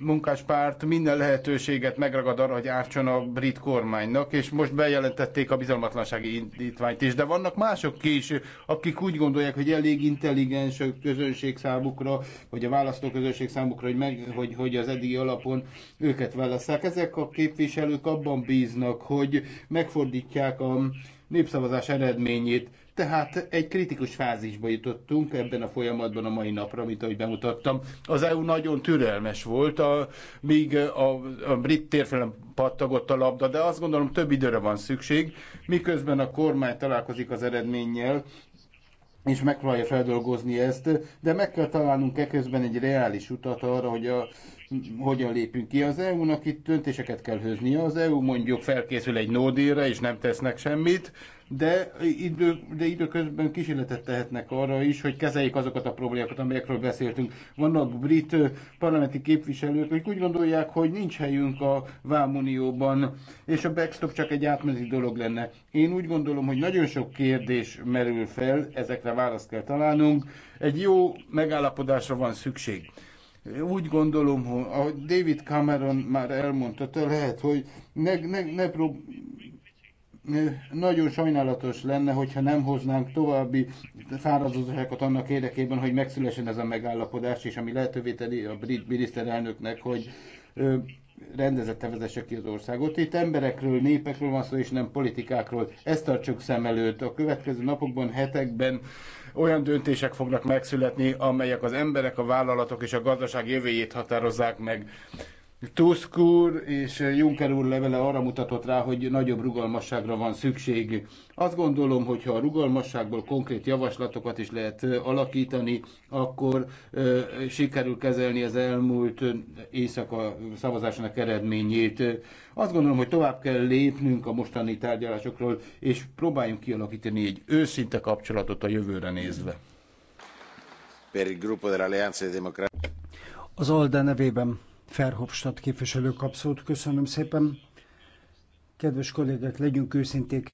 munkáspárt minden lehetőséget megragad arra, hogy ártson a brit kormánynak, és most bejelentették a bizalmatlansági indítványt is, de vannak mások is, akik úgy gondolják, hogy elég intelligens a közönség számukra, hogy a választó közönség számukra, hogy, meg, hogy, hogy az eddigi alapon őket választák. Ezek a képviselők abban bíznak, hogy megfordítják a népszavazás eredményét, tehát egy kritikus fázisba jutottunk ebben a folyamatban a mai napra, amit ahogy bemutattam. Az EU nagyon türelmes volt, a, míg a, a brit térfelem pattagott a labda, de azt gondolom több időre van szükség, miközben a kormány találkozik az eredménnyel, és megpróbálja feldolgozni ezt, de meg kell találnunk eközben egy reális utat arra, hogy a, hogyan lépünk ki. Az EU-nak itt döntéseket kell hőznie. Az EU mondjuk felkészül egy nódíra, és nem tesznek semmit, de, idő, de időközben kísérletet tehetnek arra is, hogy kezeljék azokat a problémákat, amelyekről beszéltünk. Vannak brit parlamenti képviselők, akik úgy gondolják, hogy nincs helyünk a Vámunióban, és a backstop csak egy átmeneti dolog lenne. Én úgy gondolom, hogy nagyon sok kérdés merül fel, ezekre választ kell találnunk. Egy jó megállapodásra van szükség úgy gondolom, hogy David Cameron már elmondta, te lehet, hogy ne, ne, ne prób- nagyon sajnálatos lenne, hogyha nem hoznánk további fáradozásokat annak érdekében, hogy megszülessen ez a megállapodás, és ami lehetővé tenni a brit miniszterelnöknek, hogy rendezette vezesse ki az országot. Itt emberekről, népekről van szó, és nem politikákról. Ezt tartsuk szem előtt. A következő napokban, hetekben olyan döntések fognak megszületni, amelyek az emberek, a vállalatok és a gazdaság jövőjét határozzák meg. Tusk úr és Juncker úr levele arra mutatott rá, hogy nagyobb rugalmasságra van szükség. Azt gondolom, hogy ha a rugalmasságból konkrét javaslatokat is lehet alakítani, akkor ö, sikerül kezelni az elmúlt éjszaka szavazásának eredményét. Azt gondolom, hogy tovább kell lépnünk a mostani tárgyalásokról, és próbáljunk kialakítani egy őszinte kapcsolatot a jövőre nézve. Per il gruppo dell'Alleanza Az ALDE nevében Ferhofstadt képviselő kapszót. Köszönöm szépen. Kedves kollégák, legyünk őszinték.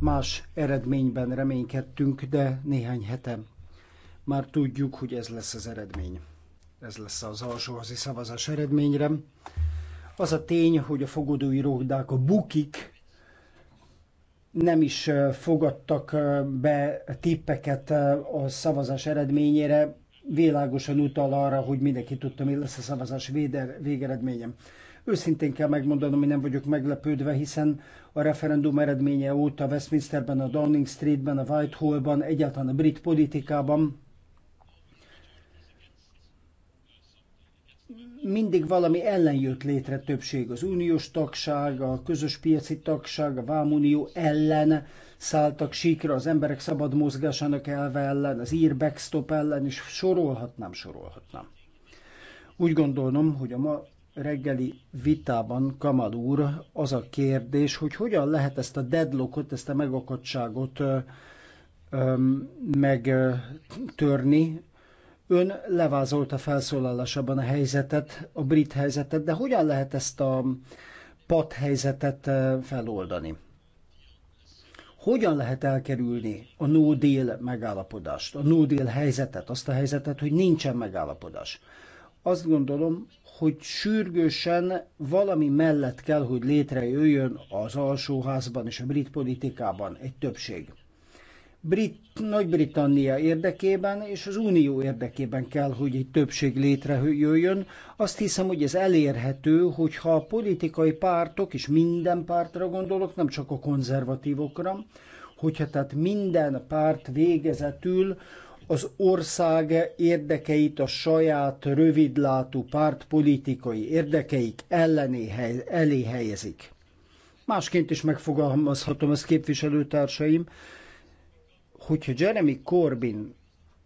Más eredményben reménykedtünk, de néhány hete már tudjuk, hogy ez lesz az eredmény. Ez lesz az alsóházi szavazás eredményre. Az a tény, hogy a fogadói rohdák, a bukik nem is eh, fogadtak eh, be tippeket eh, a szavazás eredményére, világosan utal arra, hogy mindenki tudta, mi lesz a szavazás véder, végeredményem. Őszintén kell megmondanom, hogy nem vagyok meglepődve, hiszen a referendum eredménye óta Westminsterben, a Downing Streetben, a Whitehallban, egyáltalán a brit politikában mindig valami ellen jött létre többség. Az uniós tagság, a közös piaci tagság, a vámunió ellen szálltak síkra, az emberek szabad mozgásának elve ellen, az ír backstop ellen, és sorolhatnám, sorolhatnám. Úgy gondolom, hogy a ma reggeli vitában, Kamal úr, az a kérdés, hogy hogyan lehet ezt a deadlockot, ezt a megakadságot megtörni, Ön levázolta felszólalásában a helyzetet, a brit helyzetet, de hogyan lehet ezt a pat helyzetet feloldani? Hogyan lehet elkerülni a no deal megállapodást, a no deal helyzetet, azt a helyzetet, hogy nincsen megállapodás? Azt gondolom, hogy sürgősen valami mellett kell, hogy létrejöjjön az alsóházban és a brit politikában egy többség. Brit, Nagy-Britannia érdekében és az Unió érdekében kell, hogy egy többség létrejöjjön. Azt hiszem, hogy ez elérhető, hogyha a politikai pártok, és minden pártra gondolok, nem csak a konzervatívokra, hogyha tehát minden párt végezetül az ország érdekeit a saját rövidlátó pártpolitikai érdekeik ellené, elé helyezik. Másként is megfogalmazhatom ezt képviselőtársaim, hogyha Jeremy Corbyn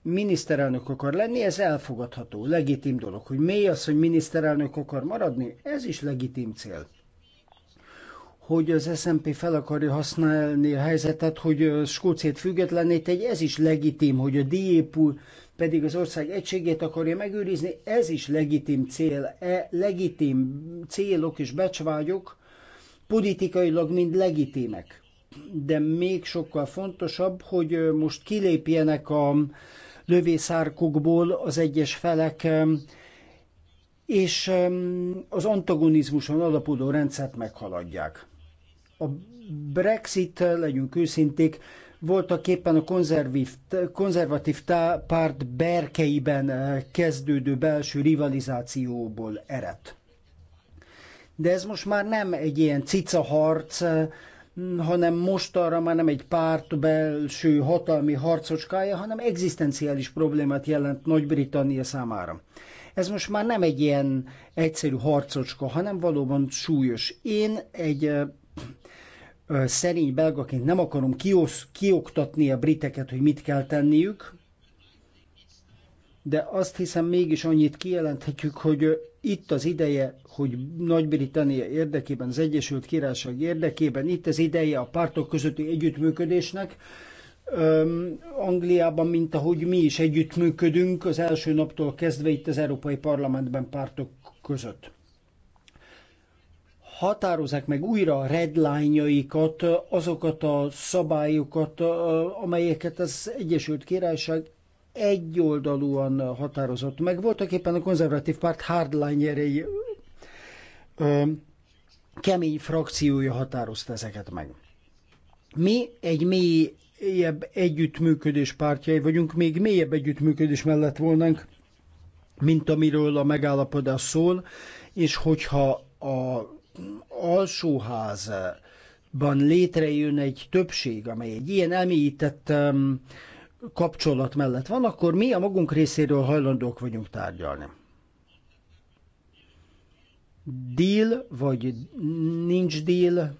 miniszterelnök akar lenni, ez elfogadható, legitim dolog. Hogy mély az, hogy miniszterelnök akar maradni, ez is legitim cél. Hogy az SMP fel akarja használni a helyzetet, hogy Skóciát függetlenné egy ez is legitim. Hogy a diépul pedig az ország egységét akarja megőrizni, ez is legitim cél. E legitim célok és becsvágyok politikailag mind legitimek de még sokkal fontosabb, hogy most kilépjenek a lövészárkokból az egyes felek, és az antagonizmuson alapuló rendszert meghaladják. A Brexit, legyünk őszinték, voltak éppen a konzervív, konzervatív tá, párt berkeiben kezdődő belső rivalizációból eredt. De ez most már nem egy ilyen cica harc, hanem most arra már nem egy párt belső hatalmi harcocskája, hanem egzisztenciális problémát jelent Nagy-Britannia számára. Ez most már nem egy ilyen egyszerű harcocska, hanem valóban súlyos. Én egy szerény belgaként nem akarom kiosz, kioktatni a briteket, hogy mit kell tenniük, de azt hiszem mégis annyit kijelenthetjük, hogy itt az ideje, hogy Nagy-Britannia érdekében, az Egyesült Királyság érdekében, itt az ideje a pártok közötti együttműködésnek. Öm, Angliában, mint ahogy mi is együttműködünk az első naptól kezdve itt az Európai Parlamentben pártok között határozzák meg újra a redlányaikat, azokat a szabályokat, amelyeket az Egyesült Királyság egyoldalúan határozott meg. Voltak éppen a konzervatív párt hardlinerei kemény frakciója határozta ezeket meg. Mi egy mélyebb együttműködés pártjai vagyunk, még mélyebb együttműködés mellett volnánk, mint amiről a megállapodás szól, és hogyha a alsóházban létrejön egy többség, amely egy ilyen elmélyített um, kapcsolat mellett van, akkor mi a magunk részéről hajlandók vagyunk tárgyalni. Deal vagy nincs deal,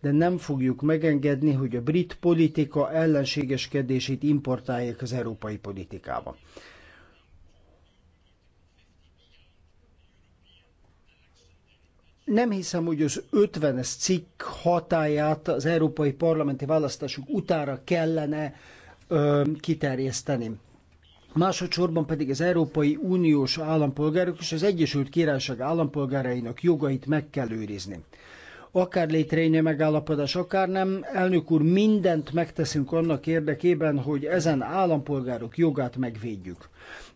de nem fogjuk megengedni, hogy a brit politika ellenségeskedését importálják az európai politikába. nem hiszem, hogy az 50-es cikk hatáját az európai parlamenti választások utára kellene kiterjeszteni. Másodszorban pedig az Európai Uniós állampolgárok és az Egyesült Királyság állampolgárainak jogait meg kell őrizni. Akár létrejön-e megállapodás, akár nem, elnök úr, mindent megteszünk annak érdekében, hogy ezen állampolgárok jogát megvédjük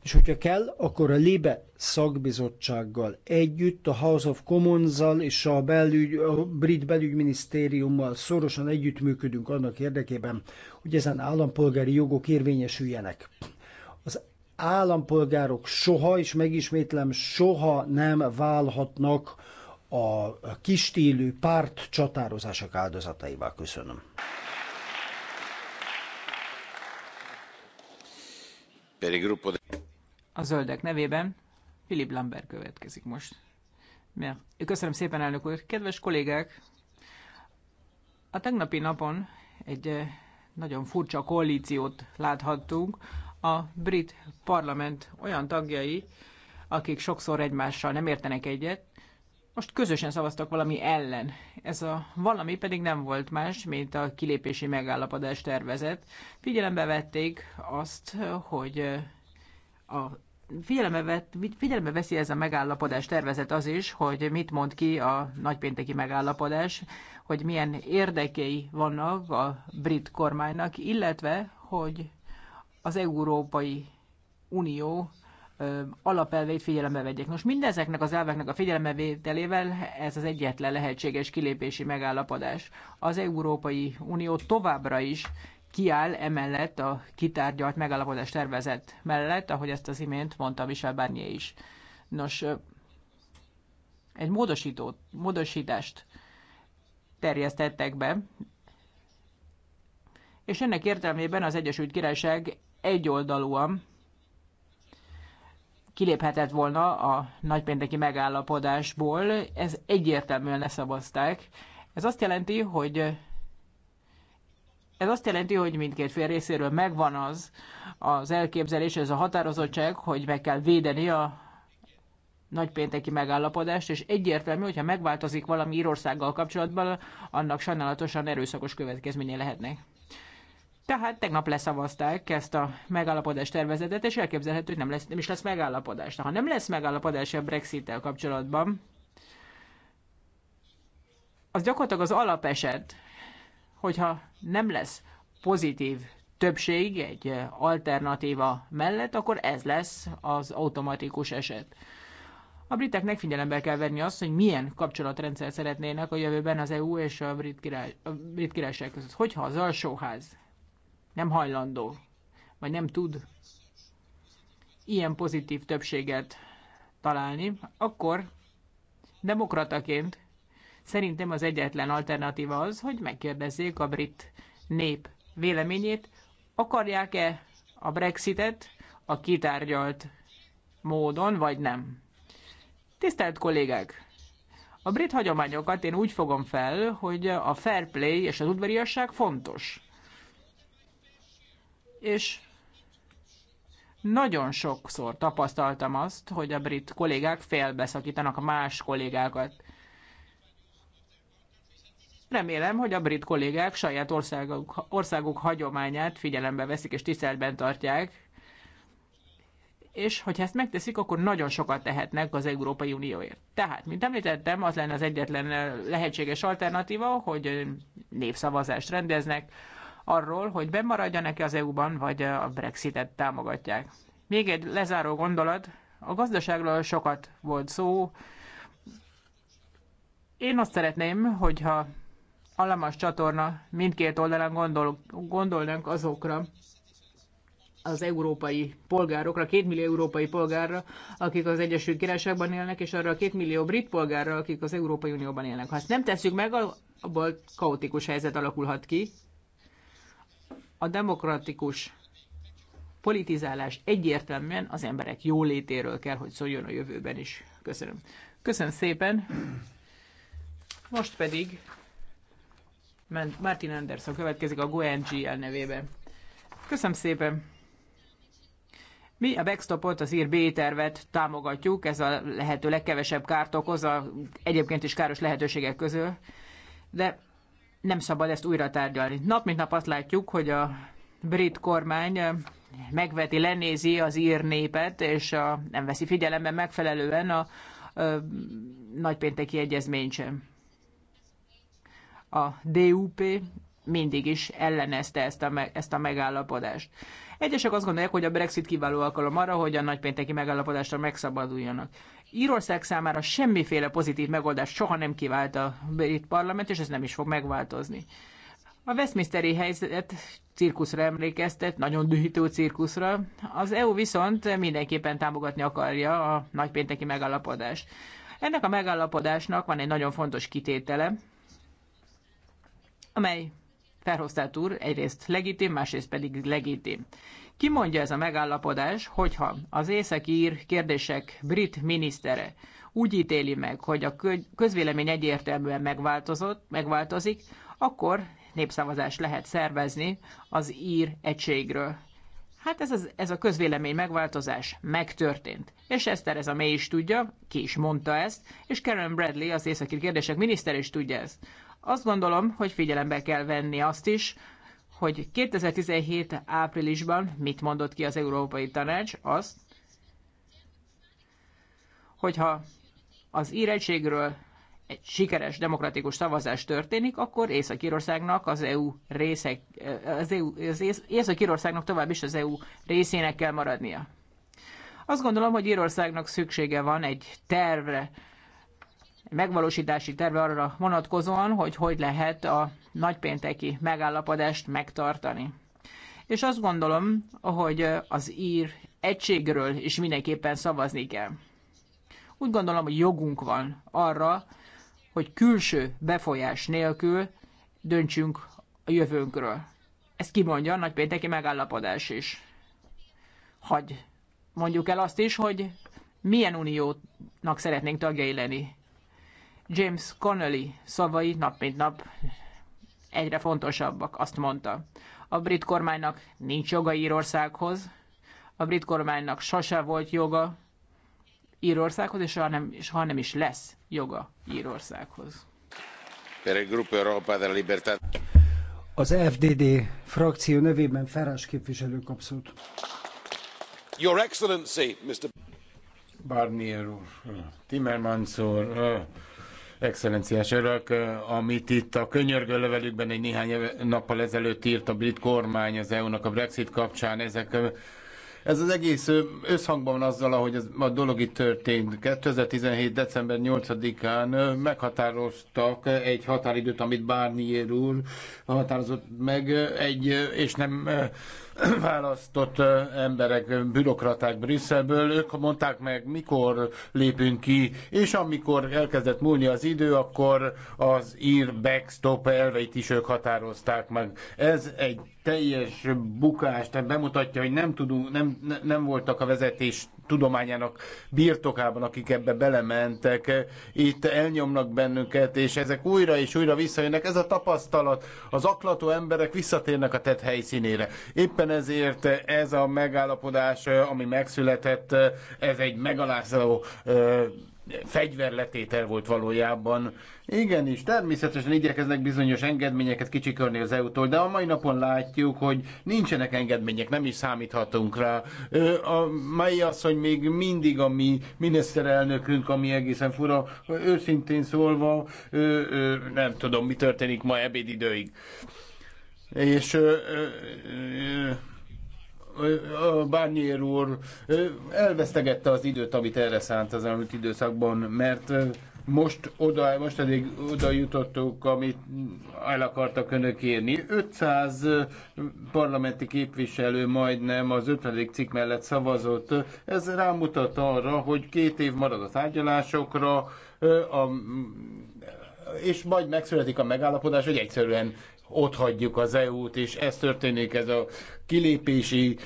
és hogyha kell, akkor a LIBE szakbizottsággal együtt, a House of Commons-zal és a, belügy, a brit belügyminisztériummal szorosan együttműködünk annak érdekében, hogy ezen állampolgári jogok érvényesüljenek. Az állampolgárok soha, és megismétlem, soha nem válhatnak a kistílű párt csatározások áldozataival. Köszönöm. Per il gruppo de a zöldek nevében Philip Lambert következik most. Köszönöm szépen, elnök úr. Kedves kollégák, a tegnapi napon egy eh, nagyon furcsa koalíciót láthattunk. A brit parlament olyan tagjai, akik sokszor egymással nem értenek egyet, most közösen szavaztak valami ellen. Ez a valami pedig nem volt más, mint a kilépési megállapodás tervezet. Figyelembe vették azt, hogy eh, a figyelembe, vett, figyelembe veszi ez a megállapodás tervezet az is, hogy mit mond ki a nagypénteki megállapodás, hogy milyen érdekei vannak a brit kormánynak, illetve, hogy az Európai Unió alapelveit figyelembe vegyék. Nos, mindezeknek az elveknek a figyelembevételével ez az egyetlen lehetséges kilépési megállapodás. Az Európai Unió továbbra is kiáll emellett a kitárgyalt megállapodás tervezet mellett, ahogy ezt az imént mondta Michel Barnier is. Nos, egy módosítót, módosítást terjesztettek be, és ennek értelmében az Egyesült Királyság egyoldalúan kiléphetett volna a nagypénteki megállapodásból, ez egyértelműen leszavazták. Ez azt jelenti, hogy ez azt jelenti, hogy mindkét fél részéről megvan az az elképzelés, ez a határozottság, hogy meg kell védeni a nagypénteki megállapodást, és egyértelmű, hogyha megváltozik valami Írországgal kapcsolatban, annak sajnálatosan erőszakos következménye lehetnek. Tehát tegnap leszavazták ezt a megállapodás tervezetet, és elképzelhető, hogy nem, lesz, nem is lesz megállapodás. De ha nem lesz megállapodás a Brexit-tel kapcsolatban, az gyakorlatilag az alapeset, hogyha nem lesz pozitív többség egy alternatíva mellett, akkor ez lesz az automatikus eset. A briteknek figyelembe kell venni azt, hogy milyen kapcsolatrendszer szeretnének a jövőben az EU és a brit, király, a brit királyság között. Hogyha az alsóház nem hajlandó, vagy nem tud ilyen pozitív többséget találni, akkor demokrataként Szerintem az egyetlen alternatíva az, hogy megkérdezzék a brit nép véleményét, akarják-e a Brexitet a kitárgyalt módon, vagy nem. Tisztelt kollégák! A brit hagyományokat én úgy fogom fel, hogy a fair play és az udvariasság fontos. És nagyon sokszor tapasztaltam azt, hogy a brit kollégák félbeszakítanak más kollégákat. Remélem, hogy a brit kollégák saját országok, országok hagyományát figyelembe veszik és tiszteletben tartják, és hogyha ezt megteszik, akkor nagyon sokat tehetnek az Európai Unióért. Tehát, mint említettem, az lenne az egyetlen lehetséges alternatíva, hogy népszavazást rendeznek arról, hogy bemaradjanak-e az EU-ban, vagy a Brexitet támogatják. Még egy lezáró gondolat, a gazdaságról sokat volt szó. Én azt szeretném, hogyha Alamas csatorna mindkét oldalán gondol, gondolnánk azokra, az európai polgárokra, két millió európai polgárra, akik az Egyesült Királyságban élnek, és arra a két millió brit polgárra, akik az Európai Unióban élnek. Ha ezt nem tesszük meg, abból kaotikus helyzet alakulhat ki. A demokratikus politizálás egyértelműen az emberek jólétéről kell, hogy szóljon a jövőben is. Köszönöm. Köszönöm szépen. Most pedig Martin Anderson következik a GoNGL nevében. Köszönöm szépen! Mi a backstopot, az ír B-tervet támogatjuk, ez a lehető legkevesebb kárt okoz a egyébként is káros lehetőségek közül, de nem szabad ezt újra tárgyalni. Nap mint nap azt látjuk, hogy a brit kormány eh, megveti, lenézi az ír népet, és a, nem veszi figyelembe megfelelően a, a eh, nagypénteki egyezményt sem a DUP mindig is ellenezte ezt a, me- ezt a megállapodást. Egyesek azt gondolják, hogy a Brexit kiváló alkalom arra, hogy a nagypénteki megállapodástól megszabaduljanak. Írország számára semmiféle pozitív megoldást soha nem kivált a brit parlament, és ez nem is fog megváltozni. A Westminsteri helyzet cirkuszra emlékeztet, nagyon dühítő cirkuszra. Az EU viszont mindenképpen támogatni akarja a nagypénteki megállapodást. Ennek a megállapodásnak van egy nagyon fontos kitétele, amely Verhofstadt úr egyrészt legitim, másrészt pedig legitim. Ki mondja ez a megállapodás, hogyha az Észak-Ír kérdések brit minisztere úgy ítéli meg, hogy a közvélemény egyértelműen megváltozott, megváltozik, akkor népszavazást lehet szervezni az ír egységről. Hát ez, az, ez a közvélemény megváltozás megtörtént. És ezt a mély is tudja, ki is mondta ezt, és Karen Bradley, az északi kérdések miniszter is tudja ezt. Azt gondolom, hogy figyelembe kell venni azt is, hogy 2017 áprilisban mit mondott ki az Európai Tanács, azt, hogyha az írettségről egy sikeres demokratikus szavazás történik, akkor Észak-Írországnak az EU részek, az, EU, az Észak-Írországnak tovább is az EU részének kell maradnia. Azt gondolom, hogy Írországnak szüksége van egy tervre, megvalósítási terve arra vonatkozóan, hogy hogy lehet a nagypénteki megállapodást megtartani. És azt gondolom, hogy az ír egységről is mindenképpen szavazni kell. Úgy gondolom, hogy jogunk van arra, hogy külső befolyás nélkül döntsünk a jövőnkről. Ezt kimondja a nagypénteki megállapodás is. Hagy mondjuk el azt is, hogy milyen uniónak szeretnénk tagjai lenni. James Connolly szavai nap mint nap egyre fontosabbak, azt mondta. A brit kormánynak nincs joga Írországhoz, a brit kormánynak sose volt joga Írországhoz, és soha nem, soha nem is lesz joga Írországhoz. Az FDD frakció nevében Ferás képviselő kap szót. Your Excellency, Mr. Barnier úr, Timmermans úr, Excellenciás Örök, eh, amit itt a könyörgő levelükben egy néhány nappal ezelőtt írt a brit kormány az EU-nak a Brexit kapcsán, ezek eh, ez az egész eh, összhangban azzal, ahogy ez, a dolog itt történt. 2017. december 8-án meghatároztak egy határidőt, amit Barnier úr határozott meg, egy, és nem választott emberek, bürokraták Brüsszelből, ők mondták meg, mikor lépünk ki, és amikor elkezdett múlni az idő, akkor az ír backstop elveit is ők határozták meg. Ez egy teljes bukás, tehát bemutatja, hogy nem, tudunk, nem, nem voltak a vezetés tudományának birtokában, akik ebbe belementek. Itt elnyomnak bennünket, és ezek újra és újra visszajönnek. Ez a tapasztalat, az aklató emberek visszatérnek a tett helyszínére. Éppen ezért ez a megállapodás, ami megszületett, ez egy megalázó fegyverletétel volt valójában. Igen, és természetesen igyekeznek bizonyos engedményeket kicsikörni az EU-tól, de a mai napon látjuk, hogy nincsenek engedmények, nem is számíthatunk rá. A mai az, hogy még mindig a mi miniszterelnökünk, ami egészen fura, őszintén szólva, nem tudom, mi történik ma ebédidőig. És Barnier úr elvesztegette az időt, amit erre szánt az elmúlt időszakban, mert most oda, most eddig oda jutottuk, amit el akartak önök érni. 500 parlamenti képviselő majdnem az 50. cikk mellett szavazott. Ez rámutat arra, hogy két év marad a tárgyalásokra, a, és majd megszületik a megállapodás, hogy egyszerűen ott hagyjuk az EU-t, és ez történik, ez a kilépési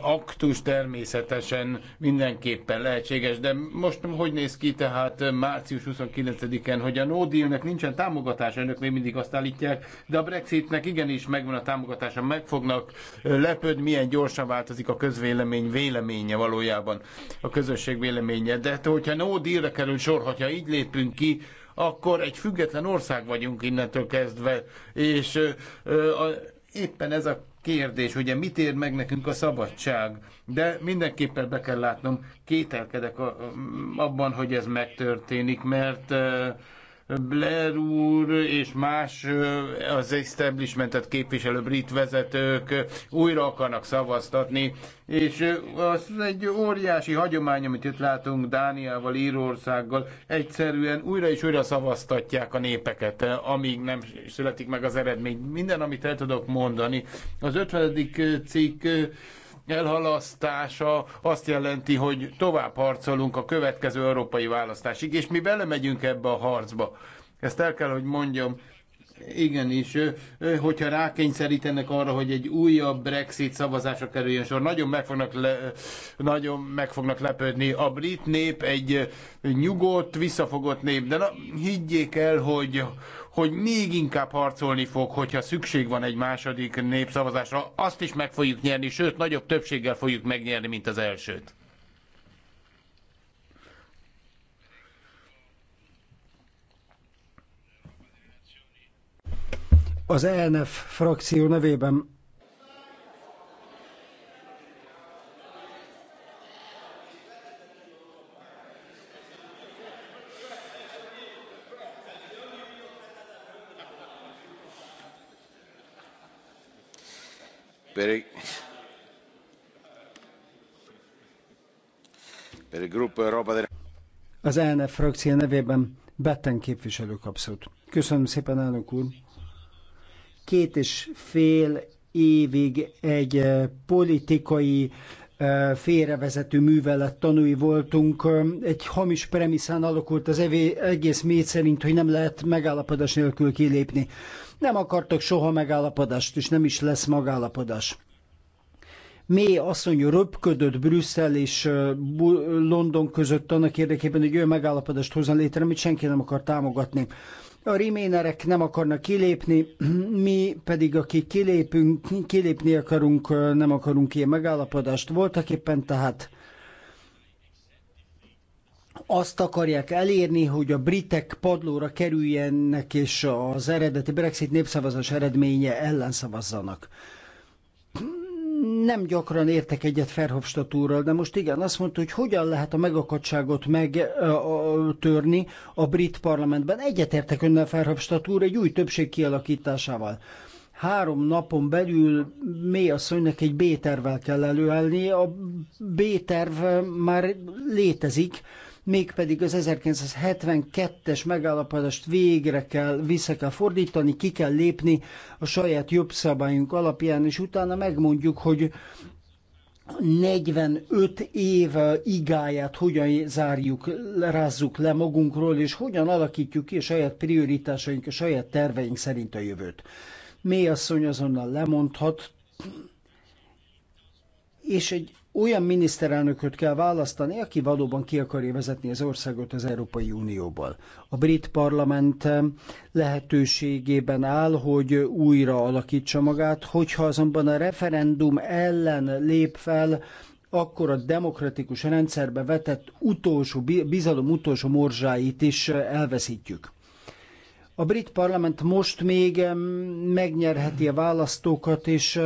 aktus természetesen mindenképpen lehetséges, de most hogy néz ki tehát március 29-en, hogy a no dealnek nincsen támogatás, önök még mindig azt állítják, de a Brexitnek igenis megvan a támogatása, meg fognak lepődni, milyen gyorsan változik a közvélemény véleménye valójában, a közösség véleménye. De hát, hogyha no dealre kerül sor, hogyha így lépünk ki, akkor egy független ország vagyunk innentől kezdve, és ö, a, éppen ez a kérdés, ugye mit ér meg nekünk a szabadság, de mindenképpen be kell látnom, kételkedek a, abban, hogy ez megtörténik, mert uh, Blair úr és más az establishmentet képviselő brit vezetők újra akarnak szavaztatni, és az egy óriási hagyomány, amit itt látunk Dániával, Írországgal, egyszerűen újra és újra szavaztatják a népeket, amíg nem születik meg az eredmény. Minden, amit el tudok mondani, az 50. cikk elhalasztása azt jelenti, hogy tovább harcolunk a következő európai választásig, és mi belemegyünk ebbe a harcba. Ezt el kell, hogy mondjam. igen és hogyha rákényszerítenek arra, hogy egy újabb Brexit szavazásra kerüljön sor, nagyon meg fognak, le, nagyon meg fognak lepődni. A brit nép egy nyugodt, visszafogott nép, de na, higgyék el, hogy hogy még inkább harcolni fog, hogyha szükség van egy második népszavazásra. Azt is meg fogjuk nyerni, sőt, nagyobb többséggel fogjuk megnyerni, mint az elsőt. Az ENF frakció nevében Az ELNF frakció nevében Betten képviselő szót. Köszönöm szépen, elnök úr. Két és fél évig egy eh, politikai félrevezető művelet tanúi voltunk. Egy hamis premiszán alakult az egész méd szerint, hogy nem lehet megállapodás nélkül kilépni. Nem akartak soha megállapodást, és nem is lesz magállapodás. Mé asszony röpködött Brüsszel és London között annak érdekében, hogy olyan megállapodást hozzon létre, amit senki nem akar támogatni. A riménerek nem akarnak kilépni, mi pedig, akik kilépünk, kilépni akarunk, nem akarunk ilyen megállapodást. Voltak éppen tehát azt akarják elérni, hogy a britek padlóra kerüljenek, és az eredeti Brexit népszavazás eredménye ellen szavazzanak nem gyakran értek egyet Ferhofstadt úrral, de most igen, azt mondta, hogy hogyan lehet a megakadságot megtörni a brit parlamentben. Egyetértek önnel Ferhofstadt úr egy új többség kialakításával három napon belül mély asszonynak egy B-tervvel kell előállni. A B-terv már létezik, mégpedig az 1972-es megállapodást végre kell, vissza kell fordítani, ki kell lépni a saját jobb szabályunk alapján, és utána megmondjuk, hogy 45 év igáját hogyan zárjuk, rázzuk le magunkról, és hogyan alakítjuk ki a saját prioritásaink, a saját terveink szerint a jövőt. Mély asszony azonnal lemondhat, és egy olyan miniszterelnököt kell választani, aki valóban ki akarja vezetni az országot az Európai Unióból. A brit parlament eh, lehetőségében áll, hogy újra alakítsa magát, hogyha azonban a referendum ellen lép fel, akkor a demokratikus rendszerbe vetett utolsó, bizalom utolsó morzsáit is eh, elveszítjük. A brit parlament most még megnyerheti a választókat, és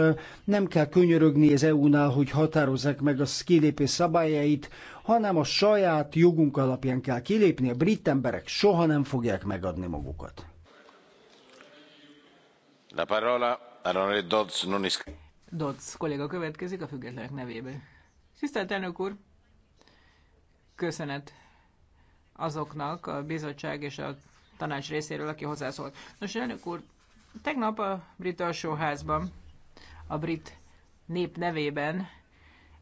nem kell könyörögni az EU-nál, hogy határozzák meg a kilépés szabályait, hanem a saját jogunk alapján kell kilépni. A brit emberek soha nem fogják megadni magukat. La parola Dodds non is... Dodds kolléga következik a függetlenek nevében. Tisztelt elnök úr! Köszönet azoknak a bizottság és a tanács részéről, aki hozzászólt. Nos, elnök úr, tegnap a brit alsóházban a brit nép nevében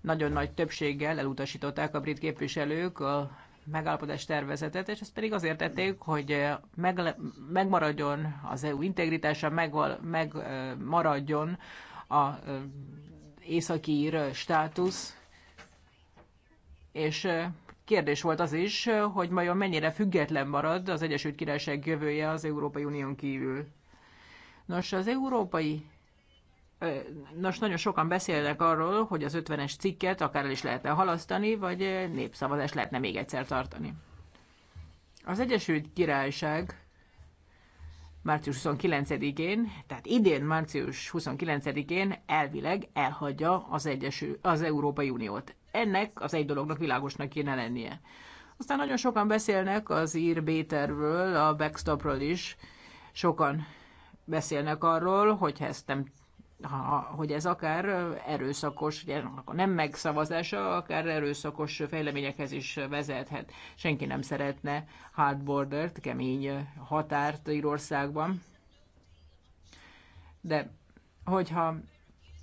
nagyon nagy többséggel elutasították a brit képviselők a megállapodás tervezetet, és ezt pedig azért tették, hogy meg, megmaradjon az EU integritása, megmaradjon meg, a ír státusz, és Kérdés volt az is, hogy majd mennyire független marad az Egyesült Királyság jövője az Európai Unión kívül. Nos, az európai Nos, nagyon sokan beszélnek arról, hogy az 50-es cikket akár el is lehetne halasztani, vagy népszavazást lehetne még egyszer tartani. Az Egyesült Királyság március 29-én, tehát idén március 29-én elvileg elhagyja az, Egyesül, az Európai Uniót. Ennek az egy dolognak világosnak kéne lennie. Aztán nagyon sokan beszélnek az ír Béterről, a backstopról is. Sokan beszélnek arról, hogy ezt nem ha, hogy ez akár erőszakos, ugye, nem megszavazása, akár erőszakos fejleményekhez is vezethet. Senki nem szeretne hard t kemény határt Írországban. De hogyha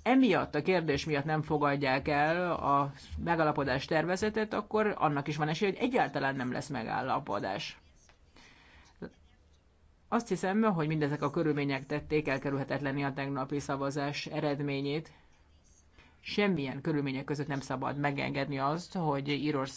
emiatt a kérdés miatt nem fogadják el a megalapodás tervezetet, akkor annak is van esélye, hogy egyáltalán nem lesz megállapodás. Azt hiszem, hogy mindezek a körülmények tették elkerülhetetlenni a tegnapi szavazás eredményét. Semmilyen körülmények között nem szabad megengedni azt, hogy Írország